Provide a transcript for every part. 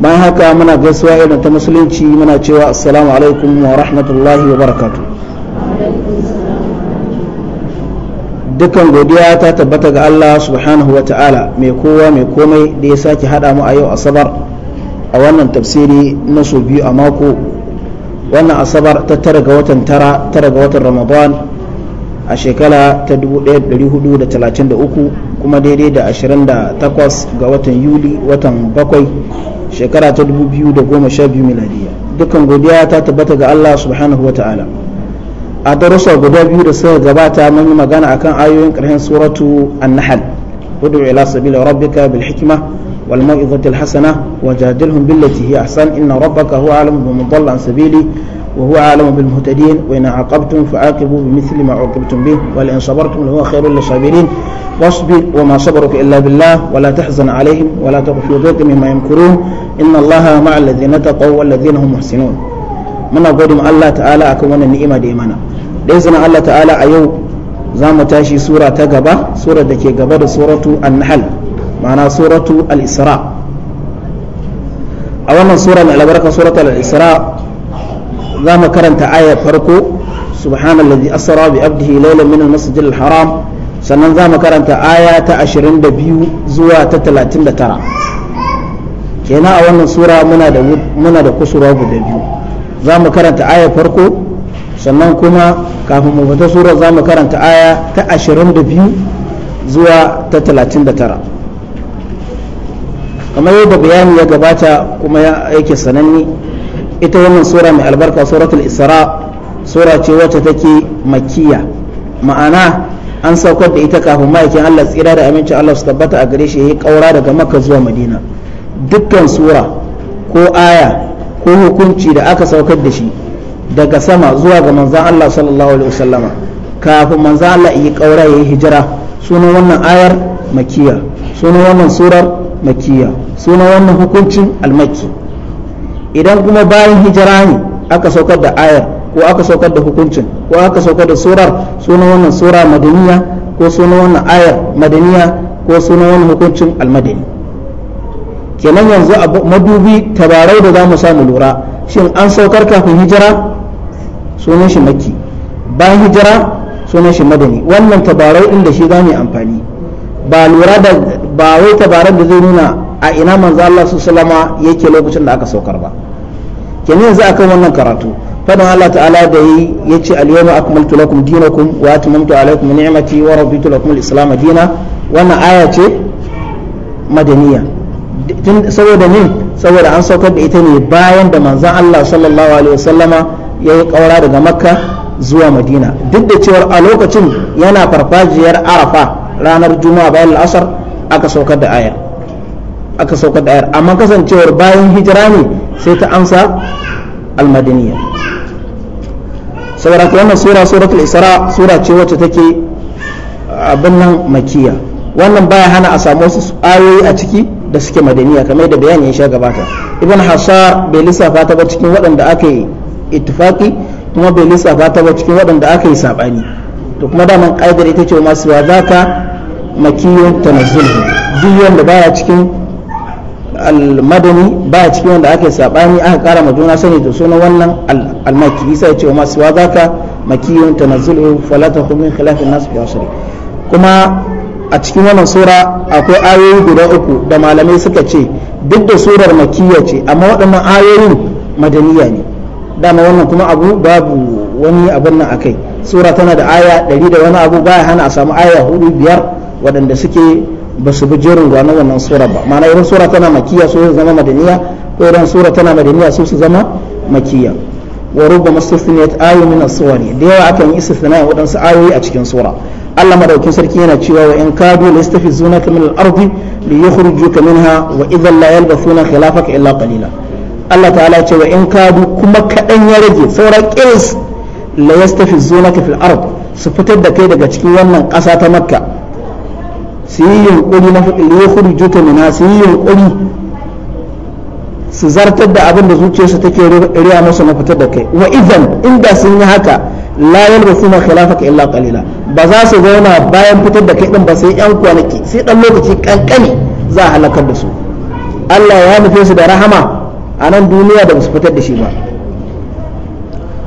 bayan haka muna gaisuwa irin ta musulunci muna cewa assalamu alaikum wa rahmatullahi wa barakatu dukkan godiya ta tabbata ga Allah subhanahu wa ta'ala mai kowa mai komai da ya sake hada mu a yau asabar a wannan tafsiri na su biyu a mako wannan asabar ta tara ga watan tara tara ga watan ramadan a shekara ta 1433 kuma daidai da 28 ga watan yuli watan bakwai shekara ta 2012 miladiya dukkan godiya ta tabbata ga Allah subhanahu wa ta'ala a darussa guda biyu da suka gabata mun yi magana akan ayoyin ƙarshen suratu an-nahl ud'u ila sabila rabbika bil hikma wal mau'izati wa hasana wajadilhum billati hi ahsan inna rabbaka huwa alimun bi man dalla an sabili وهو أعلم بالمهتدين وإن عاقبتم فعاقبوا بمثل ما عوقبتم به ولئن صبرتم لهو خير للصابرين واصبر وما صبرك إلا بالله ولا تحزن عليهم ولا تك في ضيق مما يمكرون إن الله مع الذين اتقوا والذين هم محسنون من أقول الله تعالى أكون النئمة ديمنا ليسنا الله تعالى أيو زام تاشي سورة تقبى سورة دكي قبى سورة النحل معنى سورة الإسراء أولا سورة على بركة سورة الإسراء za mu karanta ayar farko subhanallazi asra bi abdihi laylan min al-masjid al-haram sannan za mu karanta aya ta 22 zuwa ta 39 kenan a wannan sura muna da muna da kusurwa guda biyu za mu karanta ayar farko sannan kuma kafin mu fita sura za mu karanta aya ta 22 zuwa ta 39 kamar yadda bayani ya gabata kuma yake sananne ita wannan sura mai albarka suratul isra sura ce wacce take makiya ma'ana an saukar da ita kafin ma'aikin Allah tsira da amincin Allah su tabbata a gare shi ya yi kaura daga makka zuwa madina dukkan sura ko aya ko hukunci da aka saukar da shi daga sama zuwa ga manzan Allah sallallahu alaihi wasallama kafin manzan Allah yi kaura ya yi hijira sunan wannan ayar makiya sunan wannan surar makiya sunan wannan hukuncin almakki idan kuma bayan hijira ne aka saukar da ayar ko aka saukar da hukuncin ko aka saukar da surar sunan wannan sura madaniya ko sunan wannan ayar madaniya ko sunan wannan hukuncin almadani kenan yanzu a madubi tabarau da za mu samu lura shin an saukar kafin hijira sunan shi makki bayan hijira sunan shi madani wannan tabarau din da shi za mu amfani ba lura da ba wai tabarar da zai nuna a ina manzo Allah alaihi salama yake lokacin da aka saukar ba kenan yanzu akan wannan karatu fadan Allah ta'ala da yi yace al-yawma akmaltu lakum dinakum wa atmamtu alaykum ni'mati wa raditu lakum al-islam dina wannan aya ce madaniya tun saboda min saboda an saukar da ita ne bayan da manzon Allah sallallahu alaihi wasallama ya yi kaura daga makka zuwa madina duk da cewar a lokacin yana farfajiyar arafa ranar juma'a bayan al'asar aka saukar da aya aka saukar da ayar amma kasancewar bayan hijira ne sai ta amsa almadiniya saboda wannan sura suratul isra sura ce wacce take abin nan makiya wannan baya hana a samu wasu ayoyi a ciki da suke madaniya kamar da bayani ya sha gabata ibn hasar bai lissafa ta ba cikin waɗanda aka yi ittifaqi kuma bai lissafa ta ba cikin waɗanda aka yi sabani to kuma daman ƙa'idar ita ce masu wa zaka makiyun tanazzul duk wanda baya cikin al-madani ba cikin wanda aka sabani aka kara ma juna sani da sunan wannan al-maki isa ya ce wa masu wazaka ta tanazzalu fala takum khilafin kuma a cikin wannan sura akwai ayoyi guda uku da malamai suka ce duk da surar makiyya ce amma waɗannan ayoyin madaniya ne dama wannan kuma abu babu wani abin nan akai sura tana da aya ɗari da wani abu baya hana a samu aya hudu biyar waɗanda suke ba su bi jerin gwanon wannan sura ba ma'ana irin sura tana makiya su su zama madaniya ko irin sura tana madaniya su su zama makiya wa rubba mustasniyat ayu min as-suwari da yawa akan yi istisna wadansu ayoyi a cikin sura Allah madaukin sarki yana cewa wa in kadu lastafizunaka min al-ardi li yukhrijuka minha wa idhan la yalbathuna khilafaka illa qalila Allah ta'ala ce wa in kadu kuma kadan ya rage saura kiris la yastafizunaka fil ard su fitar da kai daga cikin wannan ƙasa ta makka su yi yunkuri na yukhri mina su yi yunkuri su zartar da abin da zuciyarsu take riya masa na fitar da kai wa idan inda sun yi haka la yalbasuna khilafaka illa qalila ba za su zauna bayan fitar da kai din ba sai yan kwanaki sai dan lokaci kankani za a halakar da su Allah ya nufe su da rahama a nan duniya da su fitar da shi ba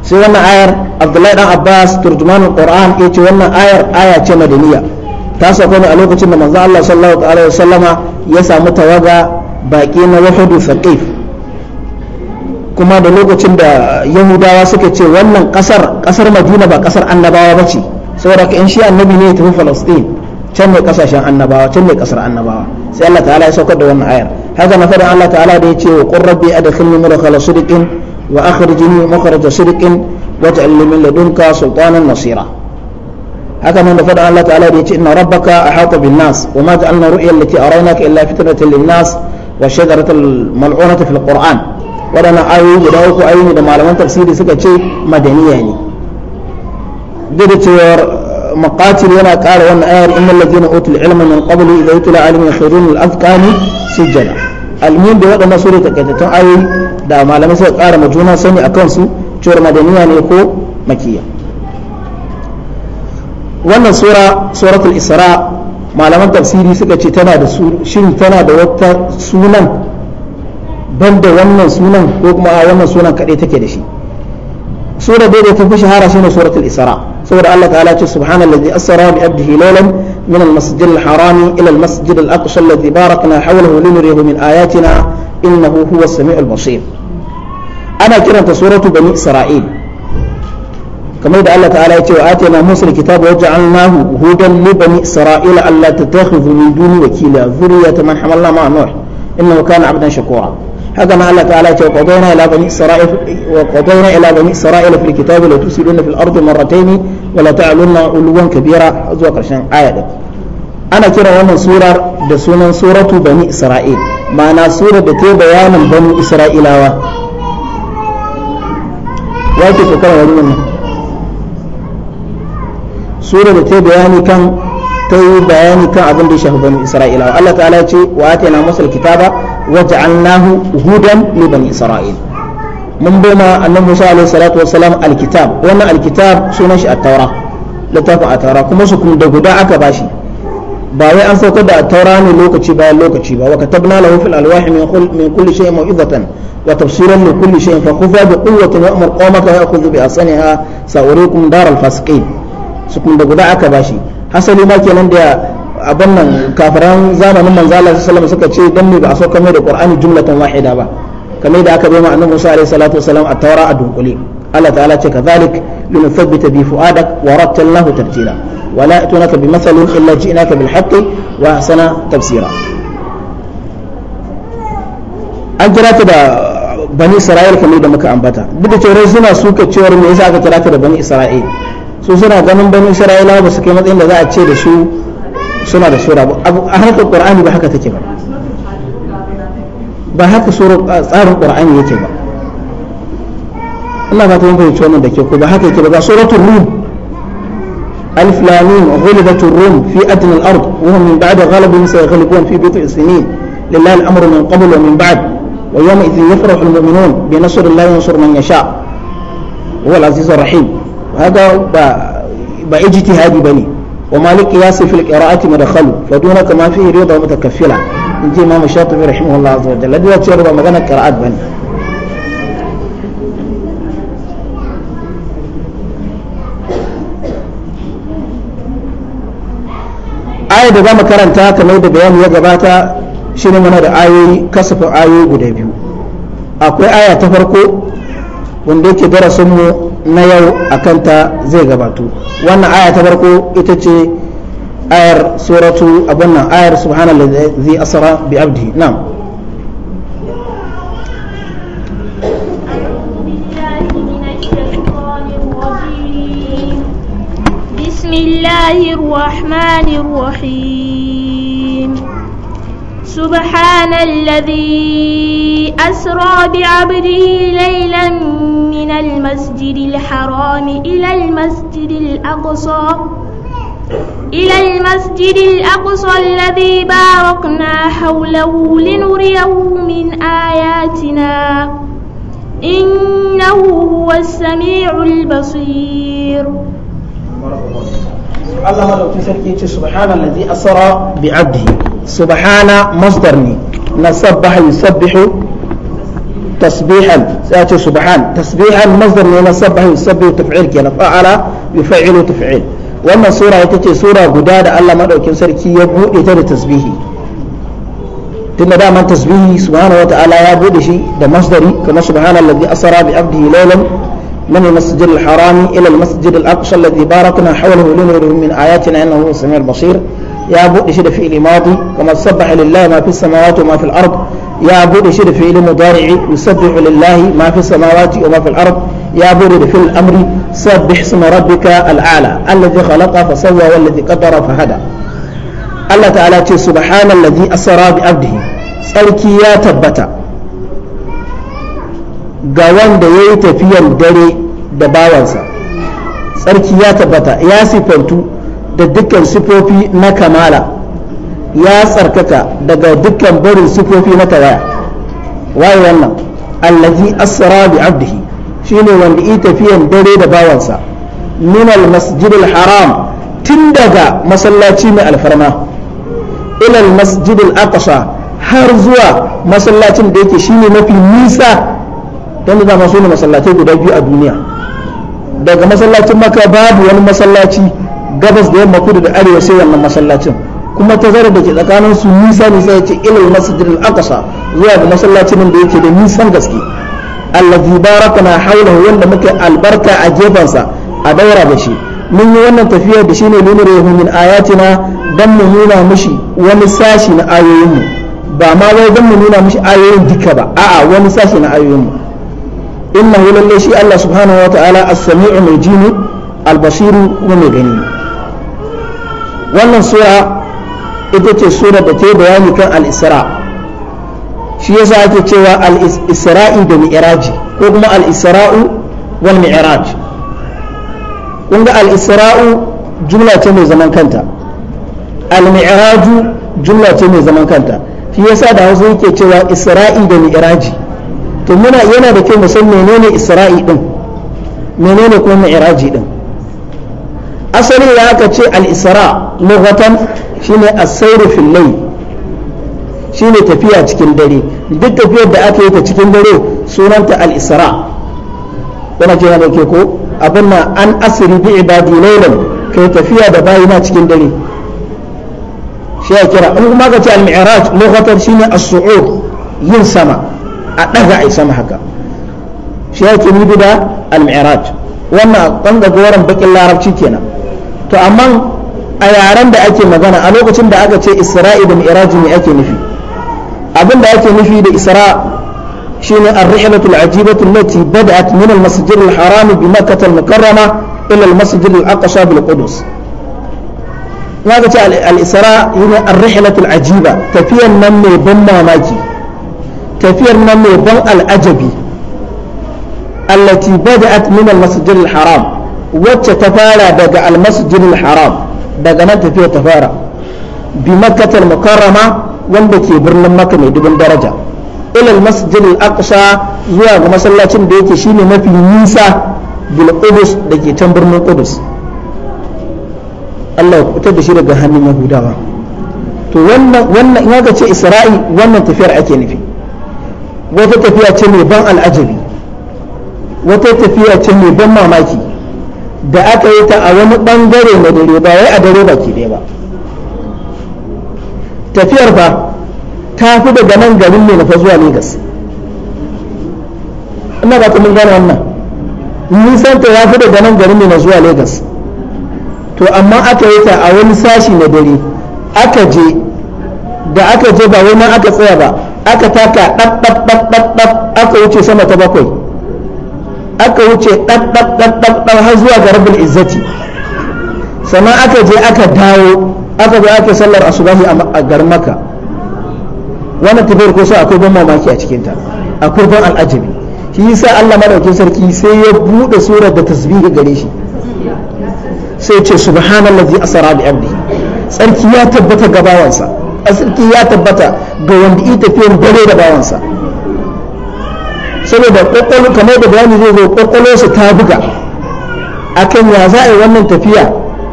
sai wannan ayar Abdullahi dan Abbas turjumanul Qur'an yace wannan ayar aya ce madaniya ta sauka ne a lokacin da manzo Allah sallallahu alaihi wasallama ya samu tawaga baki na wahudu faqif kuma da lokacin da yahudawa suka ce wannan kasar kasar madina ba kasar annabawa ba ce saboda ka in shi annabi ne ya tafi falastin can ne kasashen annabawa can ne kasar annabawa sai Allah ta'ala ya saukar da wannan ayar haka na faɗin Allah ta'ala da ya ce wa qur rabbi adkhilni mudkhala sidqin wa akhrijni makhraja sidqin waj'al li min ladunka sultanan nasira haka nan da faɗin Allah ta'ala da ya ce inna rabbaka ahata bin nas wa ma ja'alna ru'ya allati araynaka illa fitnatan lin nas wa shajaratal mal'unata fil qur'an waɗannan ayoyi guda uku ayoyi da malaman tafsiri suka ce madaniya ne duk da cewar مقاتل ينا قال وانا اير ان الذين اوتوا العلم من قبل اذا يتلى عليهم يخرجون الاذقان سجدا المهم da waɗannan sura takaitattun ayoyi da malamai suka ƙara ma juna sani akan su cewar madaniya ne ko makiya wannan sura suratul isra malaman tafsiri suka ce tana da shin tana da wata sunan banda wannan sunan ko kuma wannan sunan kaɗai take da shi sura da ta fi shahara shine suratul isra saboda Allah ta'ala ce subhanallazi asra bi abdihi laylan min al-masjid al-haram ila al-masjid al-aqsa alladhi barakna hawlahu linuriyahu min ayatina innahu huwa as-sami'ul basir ana kiranta suratu bani isra'il kamar da Allah ya ce wa atayna musa alkitaba wa ja'alnahu hudan li bani isra'ila alla tattakhidhu min duni wakila zurriyatan man hamalna ma'a nuh innahu kana 'abdan shakura haka na Allah ta'ala ya ce wa qadayna ila bani isra'ila wa qadayna ila bani isra'ila fil kitabi la tusiduna fil ardi marratayn wa la ta'lunna ulwan kabira zuwa karshen aya din ana kira wannan surar da sunan suratu bani isra'il ma'ana surar da isra'ilawa sura da ta bayani kan ta yi bayani kan abin da ya shafi bani isra'ila Allah ta'ala ya ce wa ake na musul kitaba wa ja'alnahu hudan li bani isra'il mun bai ma annabi Musa alaihi salatu wassalam alkitab wannan alkitab sunan shi at-taura littafin at-taura kuma su kuma da guda aka bashi ba wai an saukar da taura ne lokaci bayan lokaci ba wa katabna lahu fil alwahi min kulli shay'in mau'izatan wa tafsiran li kulli shay'in fa khudha bi quwwatin wa amr qawmaka ya'khudhu bi asaniha sa'urikum dar al fasiqin sukun da guda aka bashi hasali ma kenan da abin nan kafiran zamanin manzo Allah sallallahu suka ce dan me ba a saukar mai da Qur'ani jumlatan wahida ba kamar da aka bai ma annabi Musa alaihi salatu wasalam a taura a dunkule Allah ta'ala ce kadhalik linuthabbita bi fu'adak wa rattalnahu tartila wa la atunaka bi mathalin illa ji'naka bil haqqi wa sana tafsira an kira ta da bani isra'il kamar da muka ambata duk da cewa suna suka cewa me yasa aka kira ta da bani isra'il su suna ganin bani isra'ila ba su kai matsayin da za a ce da su suna da shura ba a harkar qur'ani ba haka take ba ba haka tsarin qur'ani yake ba Allah fata mun fahimci wannan da ke ko ba haka yake ba ga suratul rum alif lam mim ghulibatur rum fi adna al-ard wa hum min ba'di ghalabihim sayaghlibun fi bi'ti sinin lillahi al-amru min qabl wa min ba'd wa yawma idhin yafrahu al-mu'minun bi nasri Allah yansur man yasha huwa al-aziz ar-rahim haka ba ba ijtihadi bane wa malik yasi fil qira'ati madkhalu fa duna kama fihi rida mutakaffila in ji imam shatibi rahimahullah azza wa jalla da cewa ba magana qira'at bane aya da zamu karanta kamar da bayani ya gabata shirin muna da ayoyi kasafin ayoyi guda biyu akwai aya ta farko wanda yake darasin mu na yau a kanta zai gabato wannan aya ta farko ita ce ayar suratu abin nan ayar subhanallazi asara bi abdi na'am بسم الله الرحمن الرحيم سبحان الذي أسرى بعبده ليلا من المسجد الحرام إلى المسجد الأقصى إلى المسجد الأقصى الذي باركنا حوله لنريه من آياتنا إنه هو السميع البصير Allah madaukin sarki yace subhana allazi asara bi abdihi subhana masdar ne na sabbaha yusabbihu tasbihan sai yace subhan tasbihan masdar ne na sabbaha yusabbihu taf'il kenan fa'ala yuf'ilu taf'il wannan sura ita ce sura guda da Allah madaukin sarki ya bude ta da tasbihi tun da daman tasbihi subhanahu wataala ya bude shi da masdari kamar subhanallazi asara bi abdihi laylan من المسجد الحرام إلى المسجد الأقصى الذي باركنا حوله لنوره من آياتنا إنه هو السميع البصير يا أبو إشد في ماضي كما سبح لله ما في السماوات وما في الأرض يا أبو إشد في مضارع يسبح لله ما في السماوات وما في الأرض يا برد في الأمر سبح اسم ربك الأعلى الذي خلق فسوى والذي قدر فهدى الله تعالى سبحان الذي أسرى بعبده سألكي يا تبتا ga wanda ya yi tafiyan dare da bawansa tsarki ya tabbata ya sifantu da dukkan sifofi na kamala ya tsarkaka daga dukkan barin sifofi na tawaya waye wannan allazi asra bi abdihi shine wanda yi tafiyan dare da bawansa Minal masjidin haram tun daga masallaci mai alfarma ilal masjidin masjid aqsa har zuwa masallacin da yake shine mafi nisa don da dama su ne masallatai guda biyu a duniya daga masallacin maka babu wani masallaci gabas da yamma kudu da arewa sai wannan masallacin kuma ta tazarar da ke tsakanin su nisa nisa ya ce ilal masjid al-aqsa zuwa ga masallacin da yake da nisan gaske Allah allazi barakana haula wanda muke albarka a gefensa a daura da shi mun yi wannan tafiya da shi shine lumure min ayatina dan mu nuna mushi wani sashi na ayoyinmu ba ma wai dan mu nuna mushi ayoyin duka ba a'a wani sashi na ayoyinmu innahu lalle shi Allah subhanahu wa ta'ala as-sami'u mai ji al kuma mai gani wannan sura ita ce sura da ta bayani kan al-isra shi yasa ake cewa al-isra'i da mi'raji ko kuma al-isra'u wal mi'raj kunga al-isra'u jumla ce mai zaman kanta al-mi'raju jumla ce mai zaman kanta shi yasa da Hausa yake cewa isra'i da mi'raji to muna yana da kyau mu san menene isra'i din menene kuma mi'raji din asali ya aka ce al-isra lughatan shine as-sayru fil layl shine tafiya cikin dare duk tafiyar da aka yi ta cikin dare sunanta al-isra wannan ce yana ke ko abin na an asiri bi ibadi laylan kai tafiya da bayina cikin dare shi ya kira in kuma ka ce al-mi'raj lughatan shine as-su'ud yin sama a ɗaga a sama haka shi yake nufi da al-mi'raj wannan ɗanga goron bakin larabci kenan to amma a yaren da ake magana a lokacin da aka ce isra'i da mi'raji ne ake nufi abin da ake nufi da isra shine ar-rihlatu al-ajibatu allati bada'at min al-masjid al-haram bi makkah al-mukarrama ila al-masjid al-aqsa bil qudus ce al-isra yana ar-rihlatu al-ajiba tafiyan nan mai ban mamaki tafiyar nan mai ban al'ajabi allati bada'at min al-masjid al-haram wacce ta fara daga al-masjid al-haram daga nan tafiyar ta fara bi makkah wanda ke birnin makka mai dubin daraja ila al al-aqsa zuwa ga masallacin da yake shine mafi nisa bil qudus da ke can birnin Allah ya da shi hannun yahudawa to wannan wannan wannan tafiyar ake nufi wata tafiya ce mai ban al'ajabi wata tafiya ce mai ban mamaki da aka yi ta a wani bangare na dare ba wai a dare ba ke ba tafiyar ba ta fi daga nan garin ne na fa zuwa Legas ina ba mun gane wannan nisan ta ya fi daga nan garin ne na zuwa Legas to amma aka yi ta a wani sashi na dare aka je da aka je ba wani aka tsaya ba aka taka ɗab aka wuce sama ta bakwai aka wuce ɗab har zuwa ga rabin izzati sama aka je aka dawo aka zo aka sallar asubahi a garin maka wannan tafiyar ko sai akwai ban mamaki a cikinta akwai ban al'ajabi shi yasa Allah madaukin sarki sai ya buɗe surar da tasbihi gare shi sai ce subhanallazi asra bi abdi sarki ya tabbata gabawansa asirki ya tabbata ga wanda ita tafiyan dare da bayansa saboda kwakwalo kamar da bayani zai zo su ta buga akan ya za a yi wannan tafiya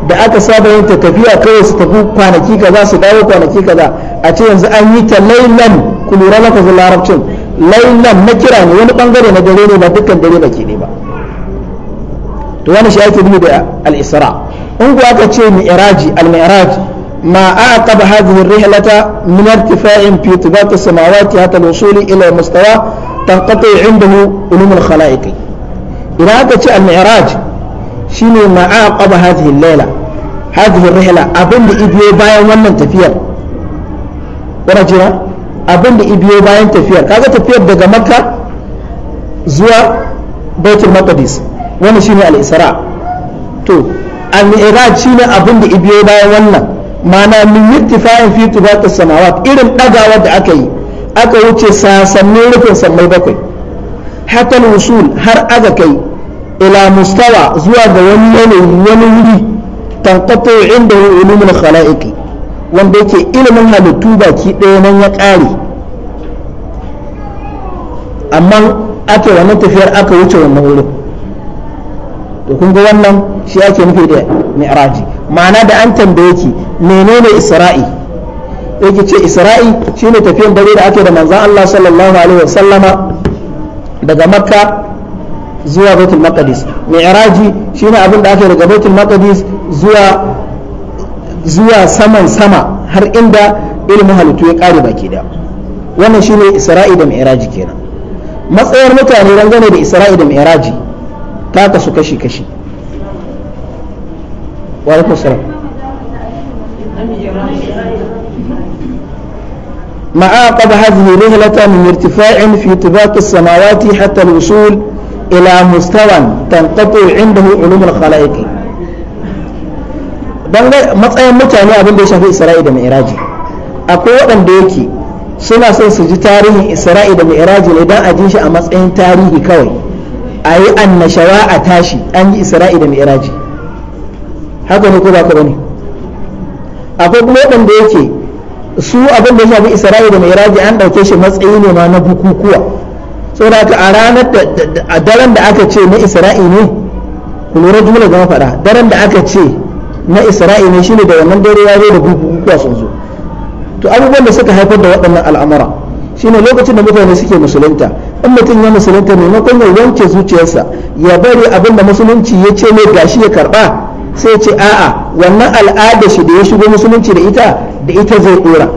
da aka saba yin ta tafiya kawai su tafi kwanaki kaza su dawo kwanaki kaza a ce yanzu an yi ta lailan ku lura lafazin larabcin lailan na kira ne wani bangare na dare ne ba dukkan dare ke ne ba to wani shi ake da al-isra in ku aka ce mi'raji al-mi'raji ما أعقب هذه الرحلة من ارتفاع في طباق السماوات حتى الوصول إلى مستوى تنقطع عنده علوم الخلائق إذا أتت المعراج شنو ما أعقب هذه الليلة هذه الرحلة أبن إبيو باين ومن تفير ورجلا أبن إبيو باين تفير كذا تفير دقا مكة زوا بيت المقدس وانا شنو الإسراء تو المعراج شنو أبن إبيو باين ومن mana min yittifa'in fi as samawat irin dagawa da aka yi aka wuce sasannin rufin sammai bakwai hatta wusul har aka kai ila mustawa zuwa ga wani yanayi wani wuri tanqatu inda al khalaiqi wanda yake ilimin halittu baki ɗaya nan ya ƙare amma ake wannan tafiyar aka wuce wannan wurin to kun ga wannan shi ake nufi da mi'raji ma'ana da an tambaye ki menene isra'i yake ce isra'i shine tafiyan dare da ake da manzon Allah sallallahu alaihi wasallama daga makka zuwa baitul maqdis mi'raji shine abin da ake daga baitul maqdis zuwa zuwa saman sama har inda ilmu halittu ya kare baki da wannan shine isra'i da mi'raji kenan matsayar mutane dangane da isra'i da mi'raji ta kasu kashi kashi wa هذه الرحلة من ارتفاع في طباق السماوات حتى الوصول إلى مستوى تنقطع عنده علوم الخلائق matsayin mutane abin da ya shafi isra'i da mi'raji akwai waɗanda yake suna son su ji tarihin israida da mi'raji ne don a ji shi a matsayin tarihi kawai a yi annashawa a tashi an yi isra'i da mi'raji haka ne ko ba ka bane akwai kuma waɗanda yake su abin da shafi isra'i da mi'raji an ɗauke shi matsayi ne ma na bukukuwa saboda a ranar da a daren da aka ce na isra'i ne ku lura jumla ga faɗa daren da aka ce na isra'i ne shine da wannan dare ya zo da bukukuwa sun zo to abubuwan da suka haifar da waɗannan al'amura shine lokacin da mutane suke musulunta in mutum ya musulunta maimakon ya wanke zuciyarsa ya bari abin da musulunci ya ce mai gashi ya karba sai ce a'a wannan al'ada shi da ya shigo musulunci da ita da ita zai dora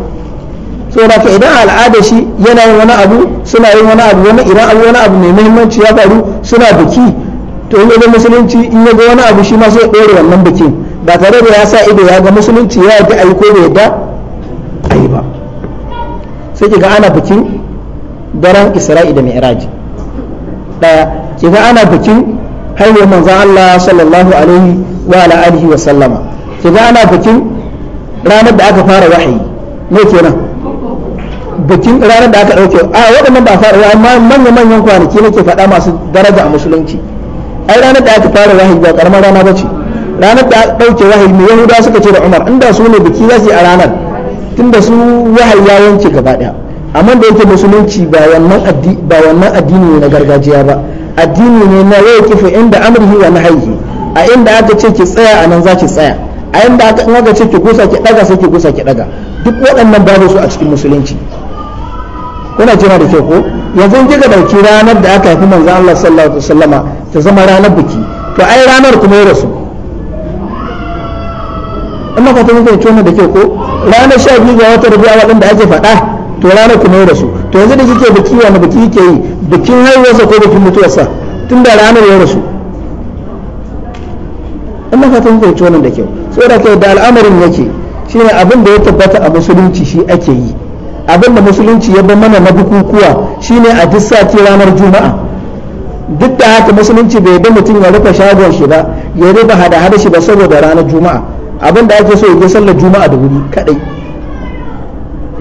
saboda ka idan al'ada shi yana yin wani abu suna yin wani abu wani idan abu wani abu mai muhimmanci ya faru suna biki to in ga musulunci in ga wani abu shi ma sai dora wannan bikin ba tare da ya sa ido ya ga musulunci ya yi ayi ko bai da ayi ba sai ki ga ana bikin daren isra'i da mi'raji daya kiga ana bikin haihuwar manzon Allah sallallahu alaihi wa ala alihi wa sallama kiga ana bikin ranar da aka fara wahayi ne kenan bikin ranar da aka dauke a waɗannan ba fara amma manya manyan kwanaki nake faɗa masu daraja a musulunci ai ranar da aka fara wahayi ba karamar rana bace ranar da aka dauke wahayi mai yahuda suka ce da Umar inda su ne biki za su yi a ranar tunda su wahayi ya yanke gaba daya amma da yake musulunci ba wannan addini ne na gargajiya ba addini ne na yau kifa inda amurhi wa nahyihi a inda aka ce ki tsaya a nan za ki tsaya a inda aka in ce ki gusa ki daga sai ki gusa ki daga duk waɗannan babu su a cikin musulunci kuna jira da kyau ko yanzu in kika dauki ranar da aka haifi manzo Allah sallallahu alaihi wasallama ta zama ranar biki to ai ranar kuma ya rasu amma ka tafi kai tona da kyau ko ranar 12 ga watan Rabi'a waɗanda ake faɗa to ranar ku mai da su to yanzu da kike biki wani biki ke yi bikin haihuwarsa ko bikin mutuwarsa tun da ranar ya rasu Allah ka tun fahimci wannan da kyau saboda kai da al'amarin yake shine abin da ya tabbata a musulunci shi ake yi abin da musulunci ya bar mana na bukukuwa shi ne a duk sati ranar juma'a duk da haka musulunci bai bi mutum ya rufe shagon shi ba ya rufe hada-hada shi ba saboda ranar juma'a abin da ake so ya sallar juma'a da wuri kadai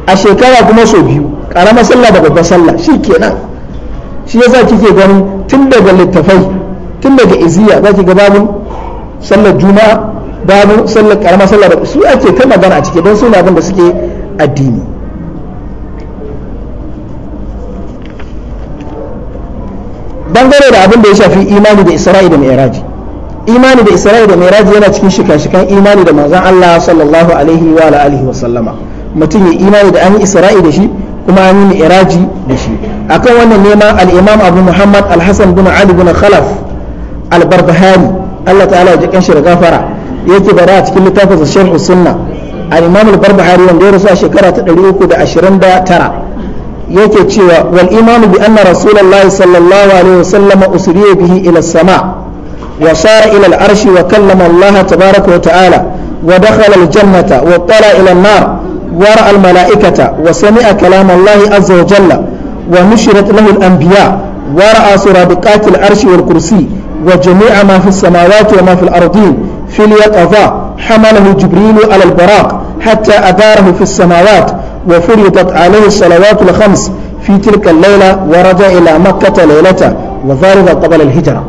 a shekara kuma sau biyu karamar sallah da babbar sallah shi kenan shi yasa kike ganin tun daga littafai tun daga iziya za ki ga babun sallar juma babun sallar karamar sallah da su ake ta magana a ciki don suna abin da suke addini bangare da abin da ya shafi imani da isra'i da mai imani da isra'i da mai yana cikin shika-shikan imani da manzon Allah sallallahu alaihi wa alihi wa sallama mutum ya imani da an yi isra'i da shi kuma an yi iraji da shi akan wannan nema al-imam abu muhammad al-hasan bin ali bin khalaf al-barbahani Allah ta'ala ya kan shi da gafara yake bara a cikin littafin sa sharh sunna al-imam al ta wanda ya rasu a shekara ta 329 yake cewa wal imanu bi anna rasulullahi sallallahu alaihi wasallam usriya bihi ila sama wa sara ila al-arshi wa kallama Allah tabaraka wa ta'ala wa dakhala al-jannata wa tala ila an-nar ورأى الملائكة وسمع كلام الله عز وجل ونشرت له الأنبياء ورأى سرابقات العرش والكرسي وجميع ما في السماوات وما في الأرضين في اليقظة حمله جبريل على البراق حتى أداره في السماوات وفرضت عليه الصلوات الخمس في تلك الليلة ورجع إلى مكة ليلة وذلك قبل الهجرة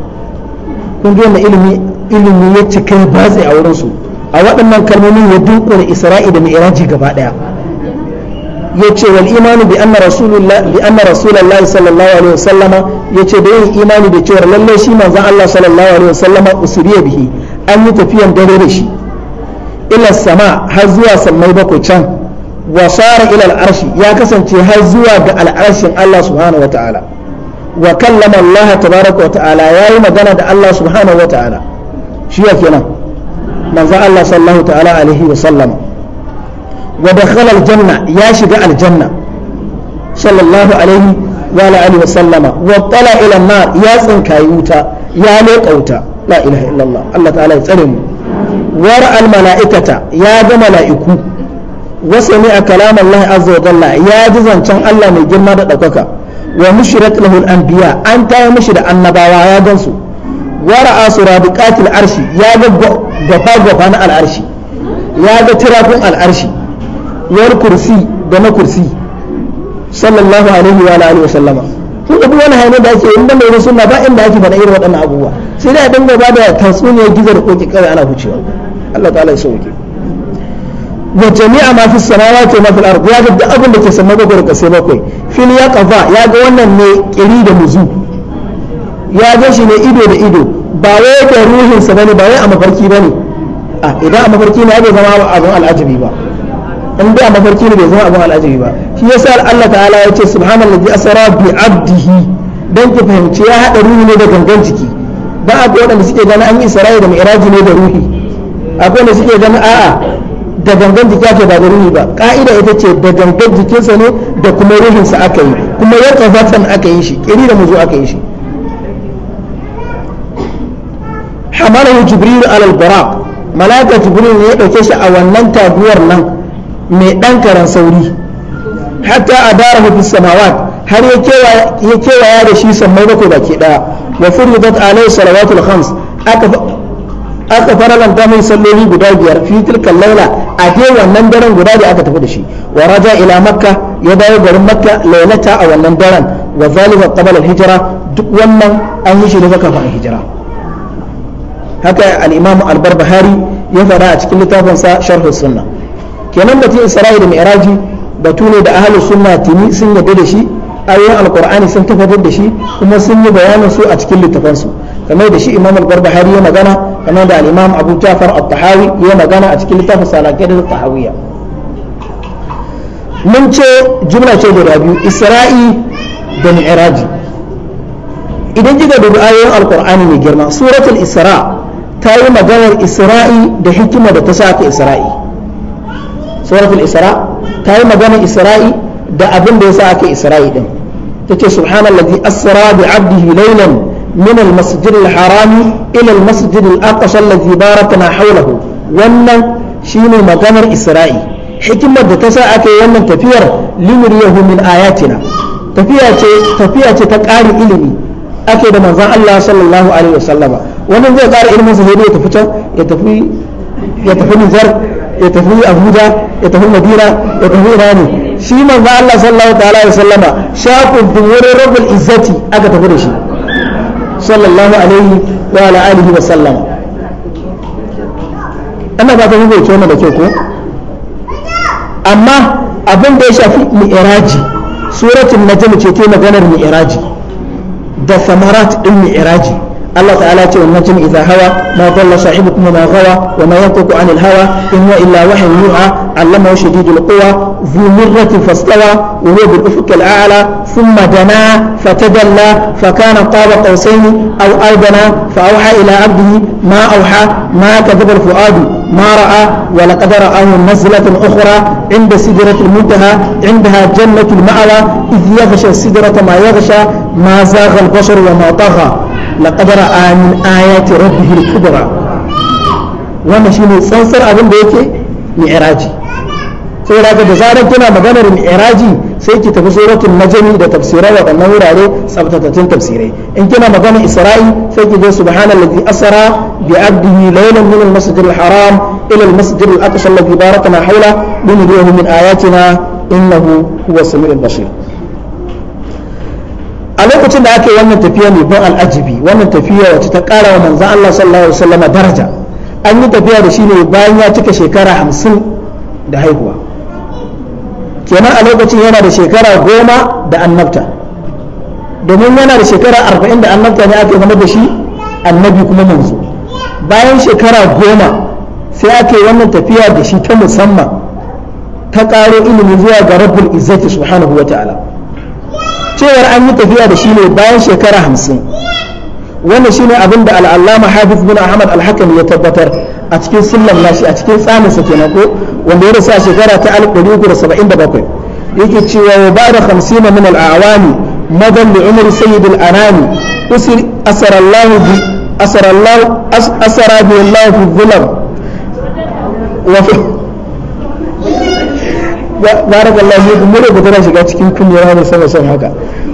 كنت إلمي إلمي يتكي بازي أو رسول a waɗannan kalmomin ya dunkula Isra'ila da mi'raji gaba ɗaya ya ce wal imanu bi anna rasulullah bi anna rasulullahi sallallahu alaihi wasallama ya ce da yin imani da cewa lalle shi manzon Allah sallallahu alaihi wasallama usriya bihi an yi tafiyan dare da shi ila sama har zuwa sammai bakwai can wa sara ila al'arshi ya kasance har zuwa ga al'arshin Allah subhanahu wa ta'ala wa kallama Allah tabaraka wa ta'ala yayi magana da Allah subhanahu wa ta'ala shi ya kenan manzon Allah sallallahu ta'ala alaihi wa sallam wa dakhala aljanna ya shiga aljanna sallallahu alaihi wa alihi wa sallama wa tala ila nar ya tsinkayi wuta ya leƙa wuta la ilaha illallah Allah ta'ala ya tsare mu wara al mala'ikata ya ga mala'iku wa sami'a kalam Allah azza wa jalla ya ji zancen Allah mai girma da ɗaukaka wa mushrat lahu al anbiya an ta mishi da annabawa ya gansu wara asura biqatil arshi ya ga gwafa-gwafa na al'arshi ya ga tirafin al'arshi Yar kursi da na kursi sallallahu alaihi wa alihi wa sallama kun da duk wani hanyar da ake inda mai suna ba inda ake faɗa irin waɗannan abubuwa sai dai a dinga ba da tatsuniyar gizo da koki kawai ana hucewa Allah ta'ala ya sauke wa jami'a ma fi samawati ma fi ardh ya ga duk abin da ke sama bakwai sai bakwai fil kafa ya ga wannan ne kiri da muzu ya ga shi ne ido da ido ba wai da ruhinsa ba ne ba wai a mafarki ba ne a idan a mafarki ne bai zama abin al'ajabi ba in da a mafarki ne bai zama abin al'ajabi ba shi yasa Allah ta'ala ya ce subhanallazi asara bi abdihi dan ki fahimci ya hada ruhi ne da gangan jiki ba a waɗanda suke ganin an yi isra'i da mi'raji ne da ruhi akwai da suke ganin a'a da gangan jiki ake ba da ruhi ba ka'ida ita ce da gangan jikinsa ne da kuma ruhinsa aka yi kuma ya zafin aka yi shi kiri da muzu aka yi shi hamalahu jibril alal bara malaka jibril ne ya dauke shi a wannan taguwar nan mai dan karan sauri hatta adarahu fis samawat har ya kewaya da shi sammai bakwai baki daya wa furidat alaihi salawatul khams aka aka faralanta mai salloli guda biyar fi tilkal laila a wannan daren guda da aka tafi da shi wa raja ila makka ya dawo garin makka lailata a wannan daren wa zalika qabla hijra duk wannan an yi shi ne zaka hijira haka al-imam ya faɗa a cikin littafinsa sharh sunna kenan batun isra'i da mi'raji batu ne da ahlus sunna tuni sun yarda da shi ayoyin alqur'ani sun tabbatar da shi kuma sun yi bayanin su a cikin littafansu kamar da shi imam al ya magana kamar da al-imam abu jafar al-tahawi ya magana a cikin littafin salakiyar al-tahawiyya mun ce jumla ce guda biyu isra'i da mi'raji idan kika dubi ayoyin alqur'ani mai girma suratul isra ta yi maganar isra'i da hikima da ta sa isra'i suratul isra ta yi maganar isra'i da abin da ya sa aka isra'i din ta ce subhanallazi asra bi abdihi laylan min al-masjid al-haram ila al-masjid al-aqsa alladhi barakna hawlahu wannan shine maganar isra'i hikimar da ta sa aka yi wannan tafiyar limuriyahu min ayatina tafiya ce tafiya ce ta ƙari ilimi ake da manzon Allah sallallahu alaihi wasallama Wannan zai ƙara ilimin sai ya tafi can ya tafi ya tafi Nijar ya tafi Abuja ya tafi Madina ya tafi Irani shi manzo Allah sallallahu ta'ala alaihi wasallama shaqul duwur rabbul izzati aka tafi da shi sallallahu alaihi wa ala alihi wa sallama Allah ba ta yi bai tona da kyau ko amma abin da ya shafi mi'raji suratul najm ce ta maganar mi'raji da samarat din mi'raji الله تعالى تقول النجم إذا هوى ما ضل صاحبكم وما غوى وما ينطق عن الهوى إن هو إلا وحي يوحى علمه شديد القوى ذو مرة فاستوى وهو بالأفك الأعلى ثم دنا فتدلى فكان قاب قوسين أو أدنى فأوحى إلى عبده ما أوحى ما كذب الفؤاد ما رأى ولقد رآه نزلة أخرى عند سدرة المنتهى عندها جنة المأوى إذ يغشى السدرة ما يغشى ما زاغ البشر وما طغى laqad ra'a min ayati rabbih al-kubra wannan shine tsantsar abin da yake mi'raji sai da da zarar kina maganar mi'raji sai ki tafi suratul najmi da tafsirai waɗannan wurare tsabtatattun tafsirai in kina maganar isra'i sai ki je subhanallazi asara bi abdihi laylan min al-masjidil haram ila al-masjidil aqsa alladhi barakna hawla linuriyahu min ayatina innahu huwa samiul basir a lokacin da ake wannan tafiya ne ban al'ajibi wannan tafiya wacce ta kara wa manzan Allah sallallahu alaihi wasallama daraja an yi tafiya da shi ne bayan ya cika shekara hamsin da haihuwa kenan a lokacin yana da shekara goma da annabta domin yana da shekara arba'in da annabta ne ake zama da shi annabi kuma manzo bayan shekara goma sai ake wannan tafiya da shi ta musamman ta ƙaro ilimi zuwa ga rabbul izzati subhanahu wa ta'ala cewar an yi tafiya da shi ne bayan shekara hamsin wannan shi ne abinda al'allama hafiz bin ahmad al ya tabbatar a cikin sunan nashi a cikin tsaminsa kenan ko wanda ya rasa shekara ta 1377 yake cewa ya bada da hamsina min al'awami madan da umar sayyid al'anami usir asarallahu bi asarallahu asara bi allah fi dhulam garaga Allah shi kuma da tana shiga cikin kulliyar da sama son haka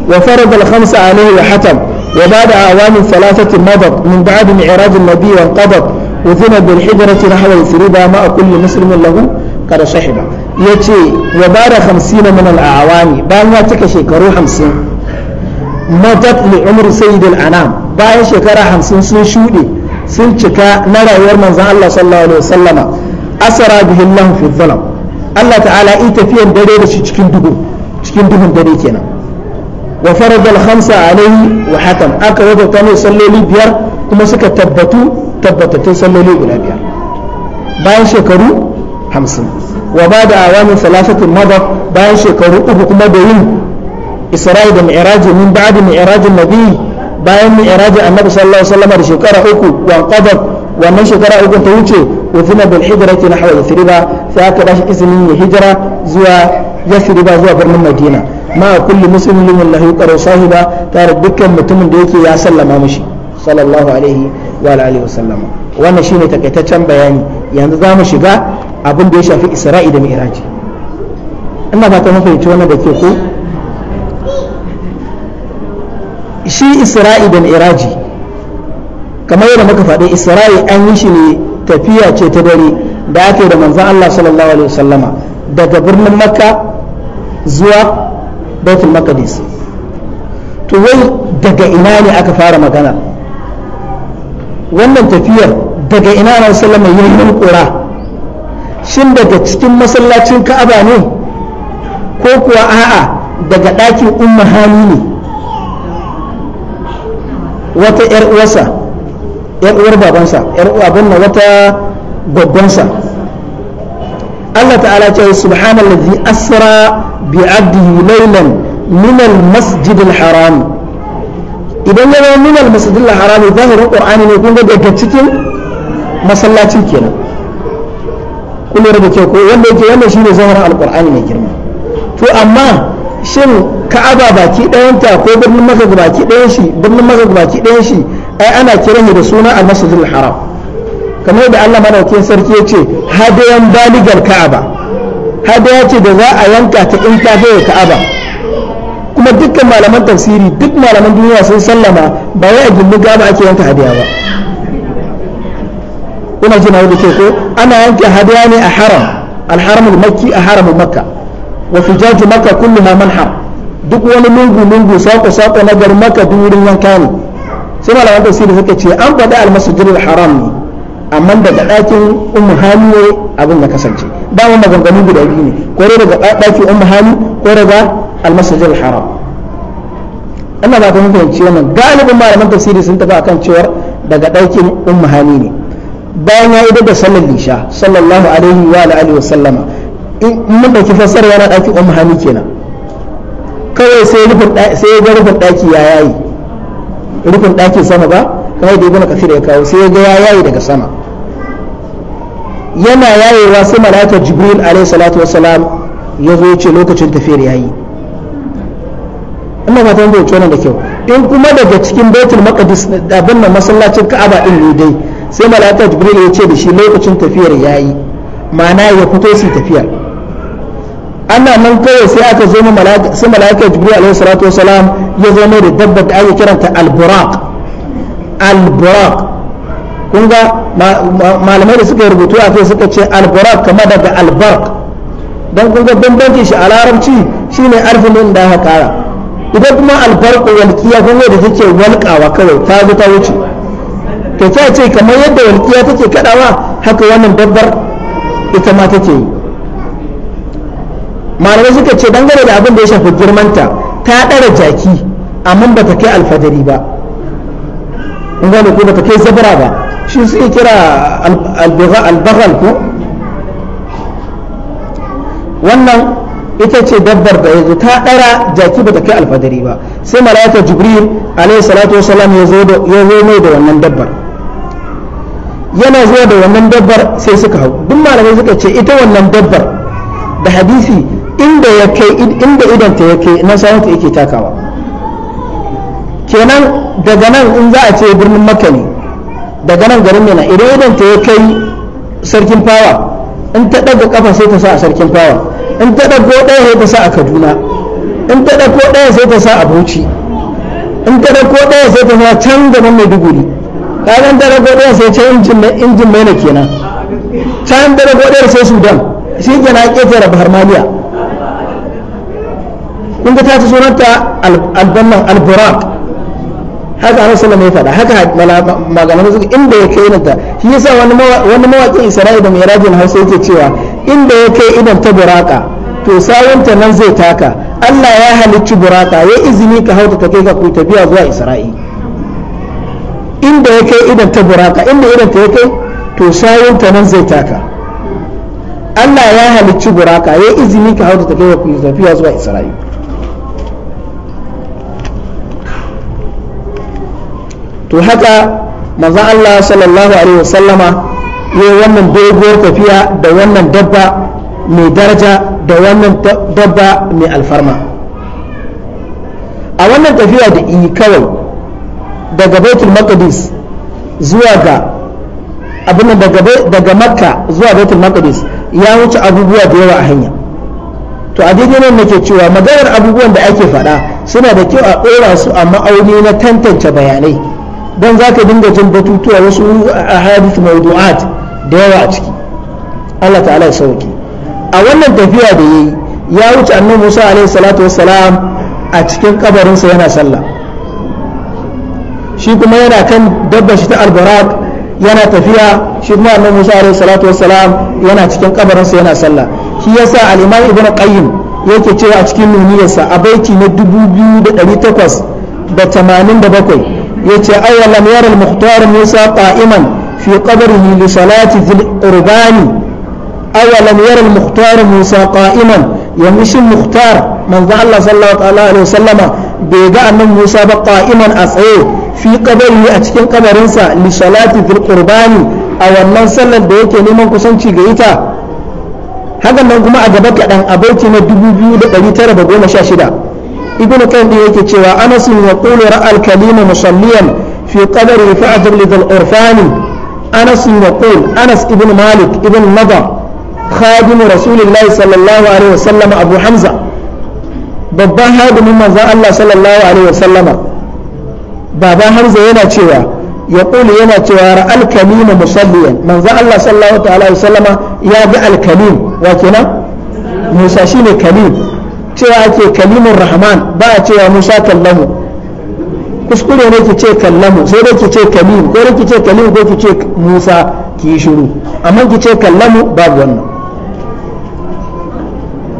wa farada al-khamsa alayhi wa hatam wa ba'da awamin thalathati madad min ba'd mi'raj an-nabi wa qadat wa zina bil hijrati nahwa yusrida ma kulli muslimin lahu qad da. yace wa ba'da 50 min al-awami bayan ya cika shekaru 50 madat li umr sayyid al-anam bayan shekara 50 sun shude sun cika na rayuwar manzon Allah asara bihi Allah ta'ala yi tafiyan dare da shi cikin duhu cikin duhun dare kenan wa farajal khamsa alaihi wa hakam aka wajabta mai salloli biyar kuma suka tabbatu tabbatattun salloli guda biyar bayan shekaru hamsin wa ba da awamin salasatin madar bayan shekaru uku kuma da yin isra'i da mi'raji min ba'di mi'rajin nabi bayan mi'rajin annabi sallallahu alaihi wasallam da shekara uku wa qadar wannan shekara uku ta wuce uthina bil hijrati nahwa yasriba sai aka bashi izinin ya hijira zuwa yasriba zuwa birnin madina ma kulli muslimin lahu qaru sahiba tare dukkan mutumin da yake ya sallama mishi sallallahu alaihi wa alihi wasallam wannan shine takaitaccen bayani yanzu za mu shiga abin da ya shafi isra'i da mi'raji ina fata ta fahimci wannan da ke ko shi isra'i da mi'raji kamar yadda muka faɗi isra'i an yi shi ne tafiya ce ta dare da ake da manzan Allah sallallahu alaihi wasallama daga birnin makka zuwa baitul maqdis to wai daga ina ne aka fara magana wannan tafiyar daga ina na sallama yayin kura shin daga cikin masallacin ka'aba ne ko kuwa a'a daga ɗakin umma hani ne wata 'yar uwarsa yar uwar babansa yar abin na wata babbansa Allah ta'ala ce subhanallazi asra bi abdihi laylan min al-masjid al-haram idan ya zama min al-masjid al-haram zahirin qur'ani ne kun ga daga cikin masallacin kenan kun da kyau ko wanda yake wannan shine zahirin al-qur'ani ne girma to amma shin ka'aba baki ɗayanta ko birnin maka baki ɗayan shi birnin maka baki ɗayan shi ai ana kiran da suna a masjidil haram kamar da Allah madaukakin sarki ya ce hadayan baligar ka'aba hadaya ce da za a yanka ta in ta baya ka'aba kuma dukkan malaman tafsiri duk malaman duniya sun sallama ba wai a gindin gaba ake yanka hadaya ba ina jin da ke ko ana yanka hadaya ne a haram alharam makki a haram makka wa fijaj makka kulluha manhar duk wani lungu lungu sako sako na garin makka duk wurin yanka sai malaman tafsiri suka ce an faɗi almasjidul haram ne amma daga ɗakin ummu hali ne abin ya kasance ba dama maganganu guda biyu ne ko daga ɗakin ummu hali ko daga almasjidul haram ina ba ta fahimci wannan galibin malaman tafsiri sun tafi akan cewar daga ɗakin ummu hali ne bayan ya idar da sallar lisha sallallahu alaihi wa alihi wa sallama in mun dauki fassara yana ɗakin ummu hali kenan kawai sai ya rufe ɗaki ya yayi rufin ɗakin sama ba kamar da ibn ya kawo sai ga ya yayi daga sama yana yayewa sai malaika jibril alaihi salatu wassalam ya zo ce lokacin tafiyar yayi Allah fatan yi tona da kyau in kuma daga cikin baitul maqdis abin nan masallacin ka'aba ɗin ne dai sai malaika jibril ya ce da shi lokacin tafiyar yayi ma'ana ya fito su tafiya ana nan kawai sai aka zo mu sai mala'ika jibril alaihi salatu wasalam ya zo mai da dabba da ake kiranta al-buraq al-buraq kun ga malamai da suka rubutu a kai suka ce al-buraq kamar daga al-barq dan kun ga bambanci shi a larabci shine arfin da haka kara idan kuma al-barq walqiya kun da take walqawa kawai ta zo ta wuce to ta ce kamar yadda walqiya take kadawa haka wannan dabbar ita ma take yi malamai suka ce dangane da abin da ya shafi girmanta ta ɗara jaki amma ba ta kai alfajari ba in gane ko ba ta kai zabra ba shi suke kira albagal ko wannan ita ce dabbar da yanzu ta ɗara jaki ba ta kai alfajari ba sai malaikar jibril alaihi salatu wasalam ya zo mai da wannan dabbar yana zuwa da wannan dabbar sai suka hau duk malamai suka ce ita wannan dabbar da hadisi inda ya kai inda idanta ya kai nan ta yake takawa kenan daga nan in za a ce birnin makani, daga nan garin mena idan ta ya kai sarkin fawa in ta ɗaga kafa sai ta sa a sarkin fawa in ta ɗago ɗaya sai ta sa a kaduna in ta ɗago ɗaya sai ta sa a bauchi in ta ɗago ɗaya sai ta sa can gaban duguri kayan ta ɗago ɗaya sai can injin mai na kenan can ta ɗago ɗaya sai sudan shi ke na ƙetare maliya kun ga ta ci sunanta albannan alburak haka ana sallama ya faɗa haka maganar suka inda ya kai nata shi yasa wani mawaƙin isra'i da mai rajin hausa yake cewa inda ya kai idan ta buraka to sawunta nan zai taka allah ya halicci buraka ya izini ka hauta ta kai ka ku tafiya zuwa isra'i inda ya kai idan ta buraka inda idan ta ya kai to sawunta nan zai taka allah ya halicci buraka ya izini ka hauta ta kai ka ku tafiya zuwa isra'i to haka manzon Allah sallallahu alaihi wasallama ya wannan doguwar tafiya da wannan dabba mai daraja da wannan dabba mai alfarma a wannan tafiya da yi kawai daga baitul maqdis zuwa ga abin daga makka zuwa baitul maqdis ya wuce abubuwa da yawa a hanya to a daidai nan nake cewa maganar abubuwan da ake faɗa suna da kyau a ɗora su a ma'auni na tantance bayanai don za ka dinga jin batutuwa wasu a hadith maudu'at da yawa a ciki Allah ta'ala ya sauke a wannan tafiya da yayi ya wuce annabi Musa alaihi salatu wassalam a cikin sa yana sallah shi kuma yana kan dabba shi ta albarak yana tafiya shi kuma annabi Musa alaihi salatu wassalam yana cikin sa yana sallah shi yasa al-Imam Ibn Qayyim yake cewa a cikin nuniyarsa a baiti na 2887 yace awalam yara al-mukhtar Musa qa'iman fi qabrihi li salati fil urbani awalam yara al-mukhtar Musa qa'iman yamishin mukhtar manzo Allah sallallahu alaihi wasallama bai ga annabi Musa ba qa'iman a tsaye fi qabrihi a cikin kabarinsa li salati fil qurbani a wannan sallar da yake neman kusanci ga ita hakan nan kuma a gaba kaɗan a baiti na 2916 ibnu kandi yake cewa anas ya qulu ra'al kalima musalliyan fi qadri fa'dhab li dhal urfani anas ya qul anas ibnu malik ibnu nadar خادم رسول الله صلى الله عليه وسلم أبو حمزة babban hadimin manzan Allah sallallahu alaihi wasallam baban Hamza yana cewa ya kula yana cewa ra'al kalim musalliyan manzan Allah sallallahu alaihi wasallam ya ga al kalim wa kenan Musa shine kalim cewa ake kalimun rahman ba a cewa musa kallamu kuskure ne ki ce kallamu sai dai ki ce kalim ko dai ki ce kalim ko ki ce musa ki yi shiru amma ki ce kallamu babu wannan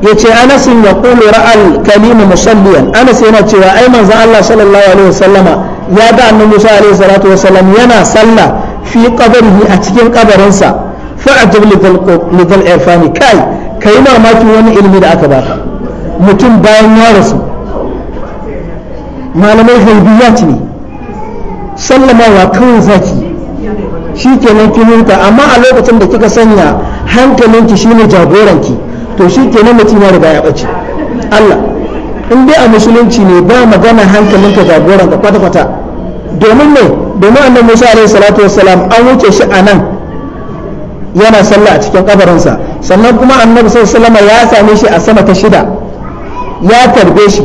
ya ce anas ya kulu ra'al kalimu musalliyan anas yana cewa ai manzon Allah sallallahu alaihi wasallama ya ga annabi Musa alaihi salatu wasallam yana sallah fi qabrihi a cikin kabarinsa fa'ajib lidal irfani kai kai mamaki wani ilimi da aka baka mutum bayan ya rasu malamai haibiyat ne sallamawa kawai zaki shi kenan ki huta amma a lokacin da kika sanya hankalinki shi ne jagoranki to shi nan mutum ya riga ya ɓace Allah in dai a musulunci ne ba magana hankalinka jagoranka kwata-kwata domin ne domin annabi Musa alaihi salatu wasalam an wuce shi a nan yana sallah a cikin kabarinsa sannan kuma annabi sallallahu alaihi wasallam ya same shi a sama ta shida ya karbe shi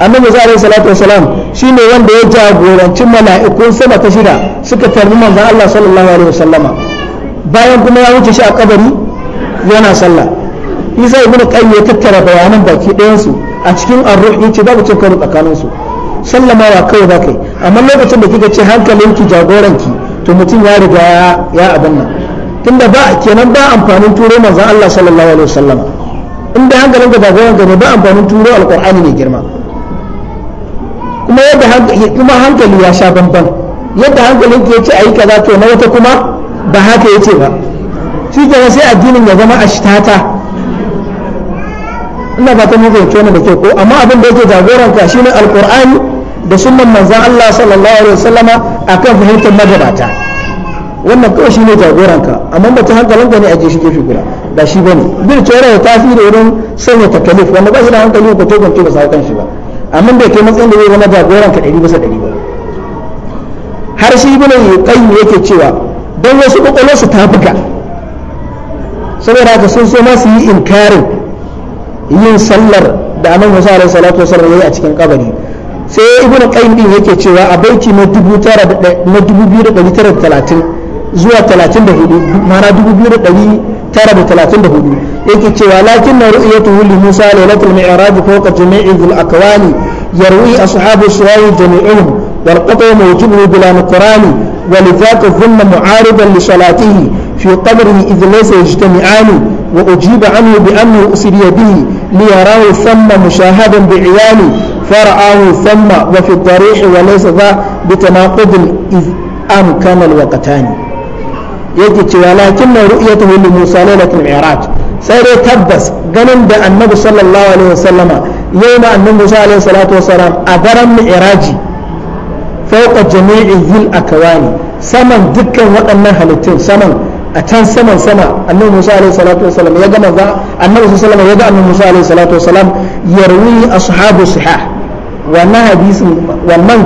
annabi alaihi salatu wasalam shine wanda ya jagoranci mala'ikun sama ta shida suka tarbi manzon Allah sallallahu alaihi wasallama bayan kuma ya wuce shi a kabari yana sallah isa ibnu qayyim ya tattara bayanan baki ɗayan su a cikin ar-ruh yace babu cin karo tsakanin su wa kai da kai amma lokacin da kika ce hankalinki jagoranki to mutum ya riga ya abin nan tunda ba kenan ba amfanin turo manzon Allah sallallahu alaihi wasallama in da hankalin ka ba goyon ne ba amfanin turo alkur'ani ne girma kuma yadda kuma hankali ya sha bamban yadda hankalin ke ce ayi kaza to na wata kuma ba haka yace ba shi kenan sai addinin ya zama ashtata ina ba ta ga wani da ke ko amma abin da yake ka shine alkur'ani da sunan manzan Allah sallallahu alaihi wasallama akan fahimtar magabata wannan kawai shine ka amma ba ta ka ne a je shi gefe guda ba shi bane bin cewa ya tasiri wurin sanya takalif wanda ba shi da hankali ko to gonce ba sa kan shi ba amma da kai matsayin da zai zama jagoran ka 100 bisa 100 ba har shi ibn qayyim yake cewa dan wasu kokolo su ta buga saboda ka sun so ma su yi inkarin yin sallar da annabi Musa alaihi salatu wasallam yayi a cikin kabari sai ibn qayyim din yake cewa a baiti na 2930 zuwa 34 mana 2934 yake cewa lakin na ru'yatuhu li Musa lailatul mi'raj fawqa jami'i dhil akwani yarwi ashabu suwayi jami'uhum wal qat'u mawjubu bila nuqrani ولذاك ظن معارضا لصلاته في قبره إذ ليس يجتمعان وأجيب عنه بأنه أسري به ليراه ثم مشاهدا بعيالي فرآه ثم وفي الضريح وليس ذا بتناقض إذ أمكن الوقتان yake cewa lakin na ru'yatuhu li Musa lailatul mi'raj sai dai tabbas ganin da Annabi sallallahu alaihi wasallama yayin Annabi Musa alaihi salatu wasalam a garan mi'raji fawqa jami'i zil akawani saman dukkan waɗannan halittun saman a can saman sama annabi Musa alaihi salatu wasalam ya ga manzo annabi sallallahu ya ga annabi Musa alaihi salatu wasalam yarwi ashabu sihah wannan hadisin wannan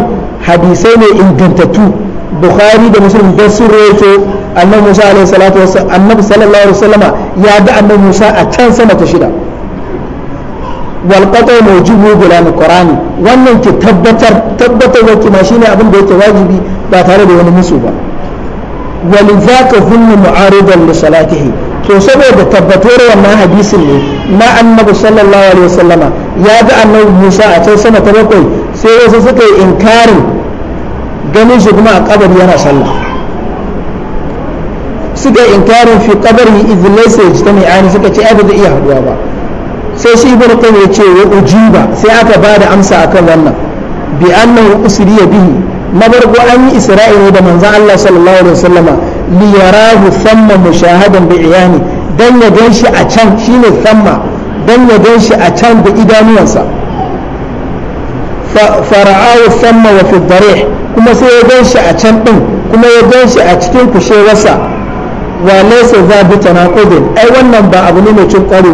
hadisai ne ingantattu bukhari da muslim da sun rawaito annabi musa alaihi salatu annabi sallallahu alaihi wasallama ya ga annabi musa a can sama ta shida wal qatay mawjubu gulan qur'ani wannan ke tabbatar tabbatar da kima shine abin da yake wajibi ba tare da wani musu ba walidhaka hunnu mu'aridan li salatihi to saboda tabbatar wannan hadisin ne na annabi sallallahu alaihi wasallama ya ga annabi musa a can sama ta bakwai sai wasu suka yi inkarin ganin shi kuma a kabari yana sallah suka yi inkarin fi kabari jita mai yajtami'ani suka ce ai ba zai iya haduwa ba sai shi ibn qayyim ya ce wa ujiba sai aka ba da amsa akan wannan bi annahu usriya bihi na farko an yi isra'ila da manzon Allah sallallahu alaihi wasallama li yarahu thamma mushahadan bi iyani dan ya gan shi a can shine thamma dan ya gan shi a can da idanuwansa fara'ahu thamma wa fi dharih kuma sai ya gan shi a can ɗin kuma ya gan shi a cikin kushewarsa wa laysa zabita na qudin ai wannan ba abu ne mai cin kare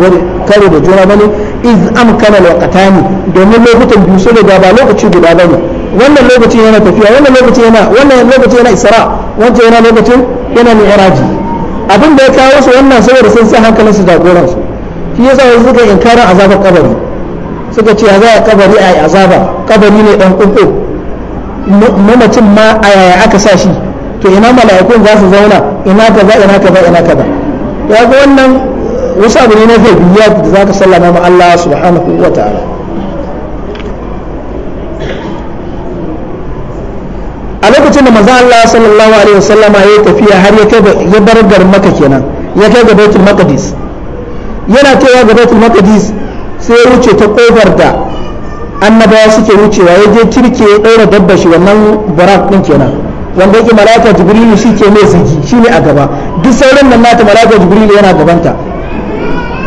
da juna bane iz amkana alwaqtani domin lokutan biyu su da ba lokaci guda bane wannan lokacin yana tafiya wannan lokacin yana wannan lokacin yana isra wancan yana lokacin yana mi'raji abin da ya kawo su wannan saboda sun san hankalin su jagoran su shi yasa wasu suka inkara azabar kabari suka ce za a kabari a azaba kabari ne dan kuku mamacin ma a yaya aka sa shi to ina mala'ikun za su zauna ina kaza ina kaza ina kaza ya ga wannan wasu abu ne na biya da za ka sallama ma Allah subhanahu wa ta'ala a lokacin da maza Allah sallallahu alaihi sallama ya tafiya har ya kai ya bar garin Makka kenan ya kai ga Baitul Maqdis yana kaiwa ga Baitul Maqdis sai ya wuce ta kofar da annabawa suke wucewa ya je turke ya ɗaura dabba shi wannan barak ɗin kenan wanda yake malaka jibrilu shi ke mai zigi shi ne a gaba duk sauran nan nata malaka jibrilu yana gabanta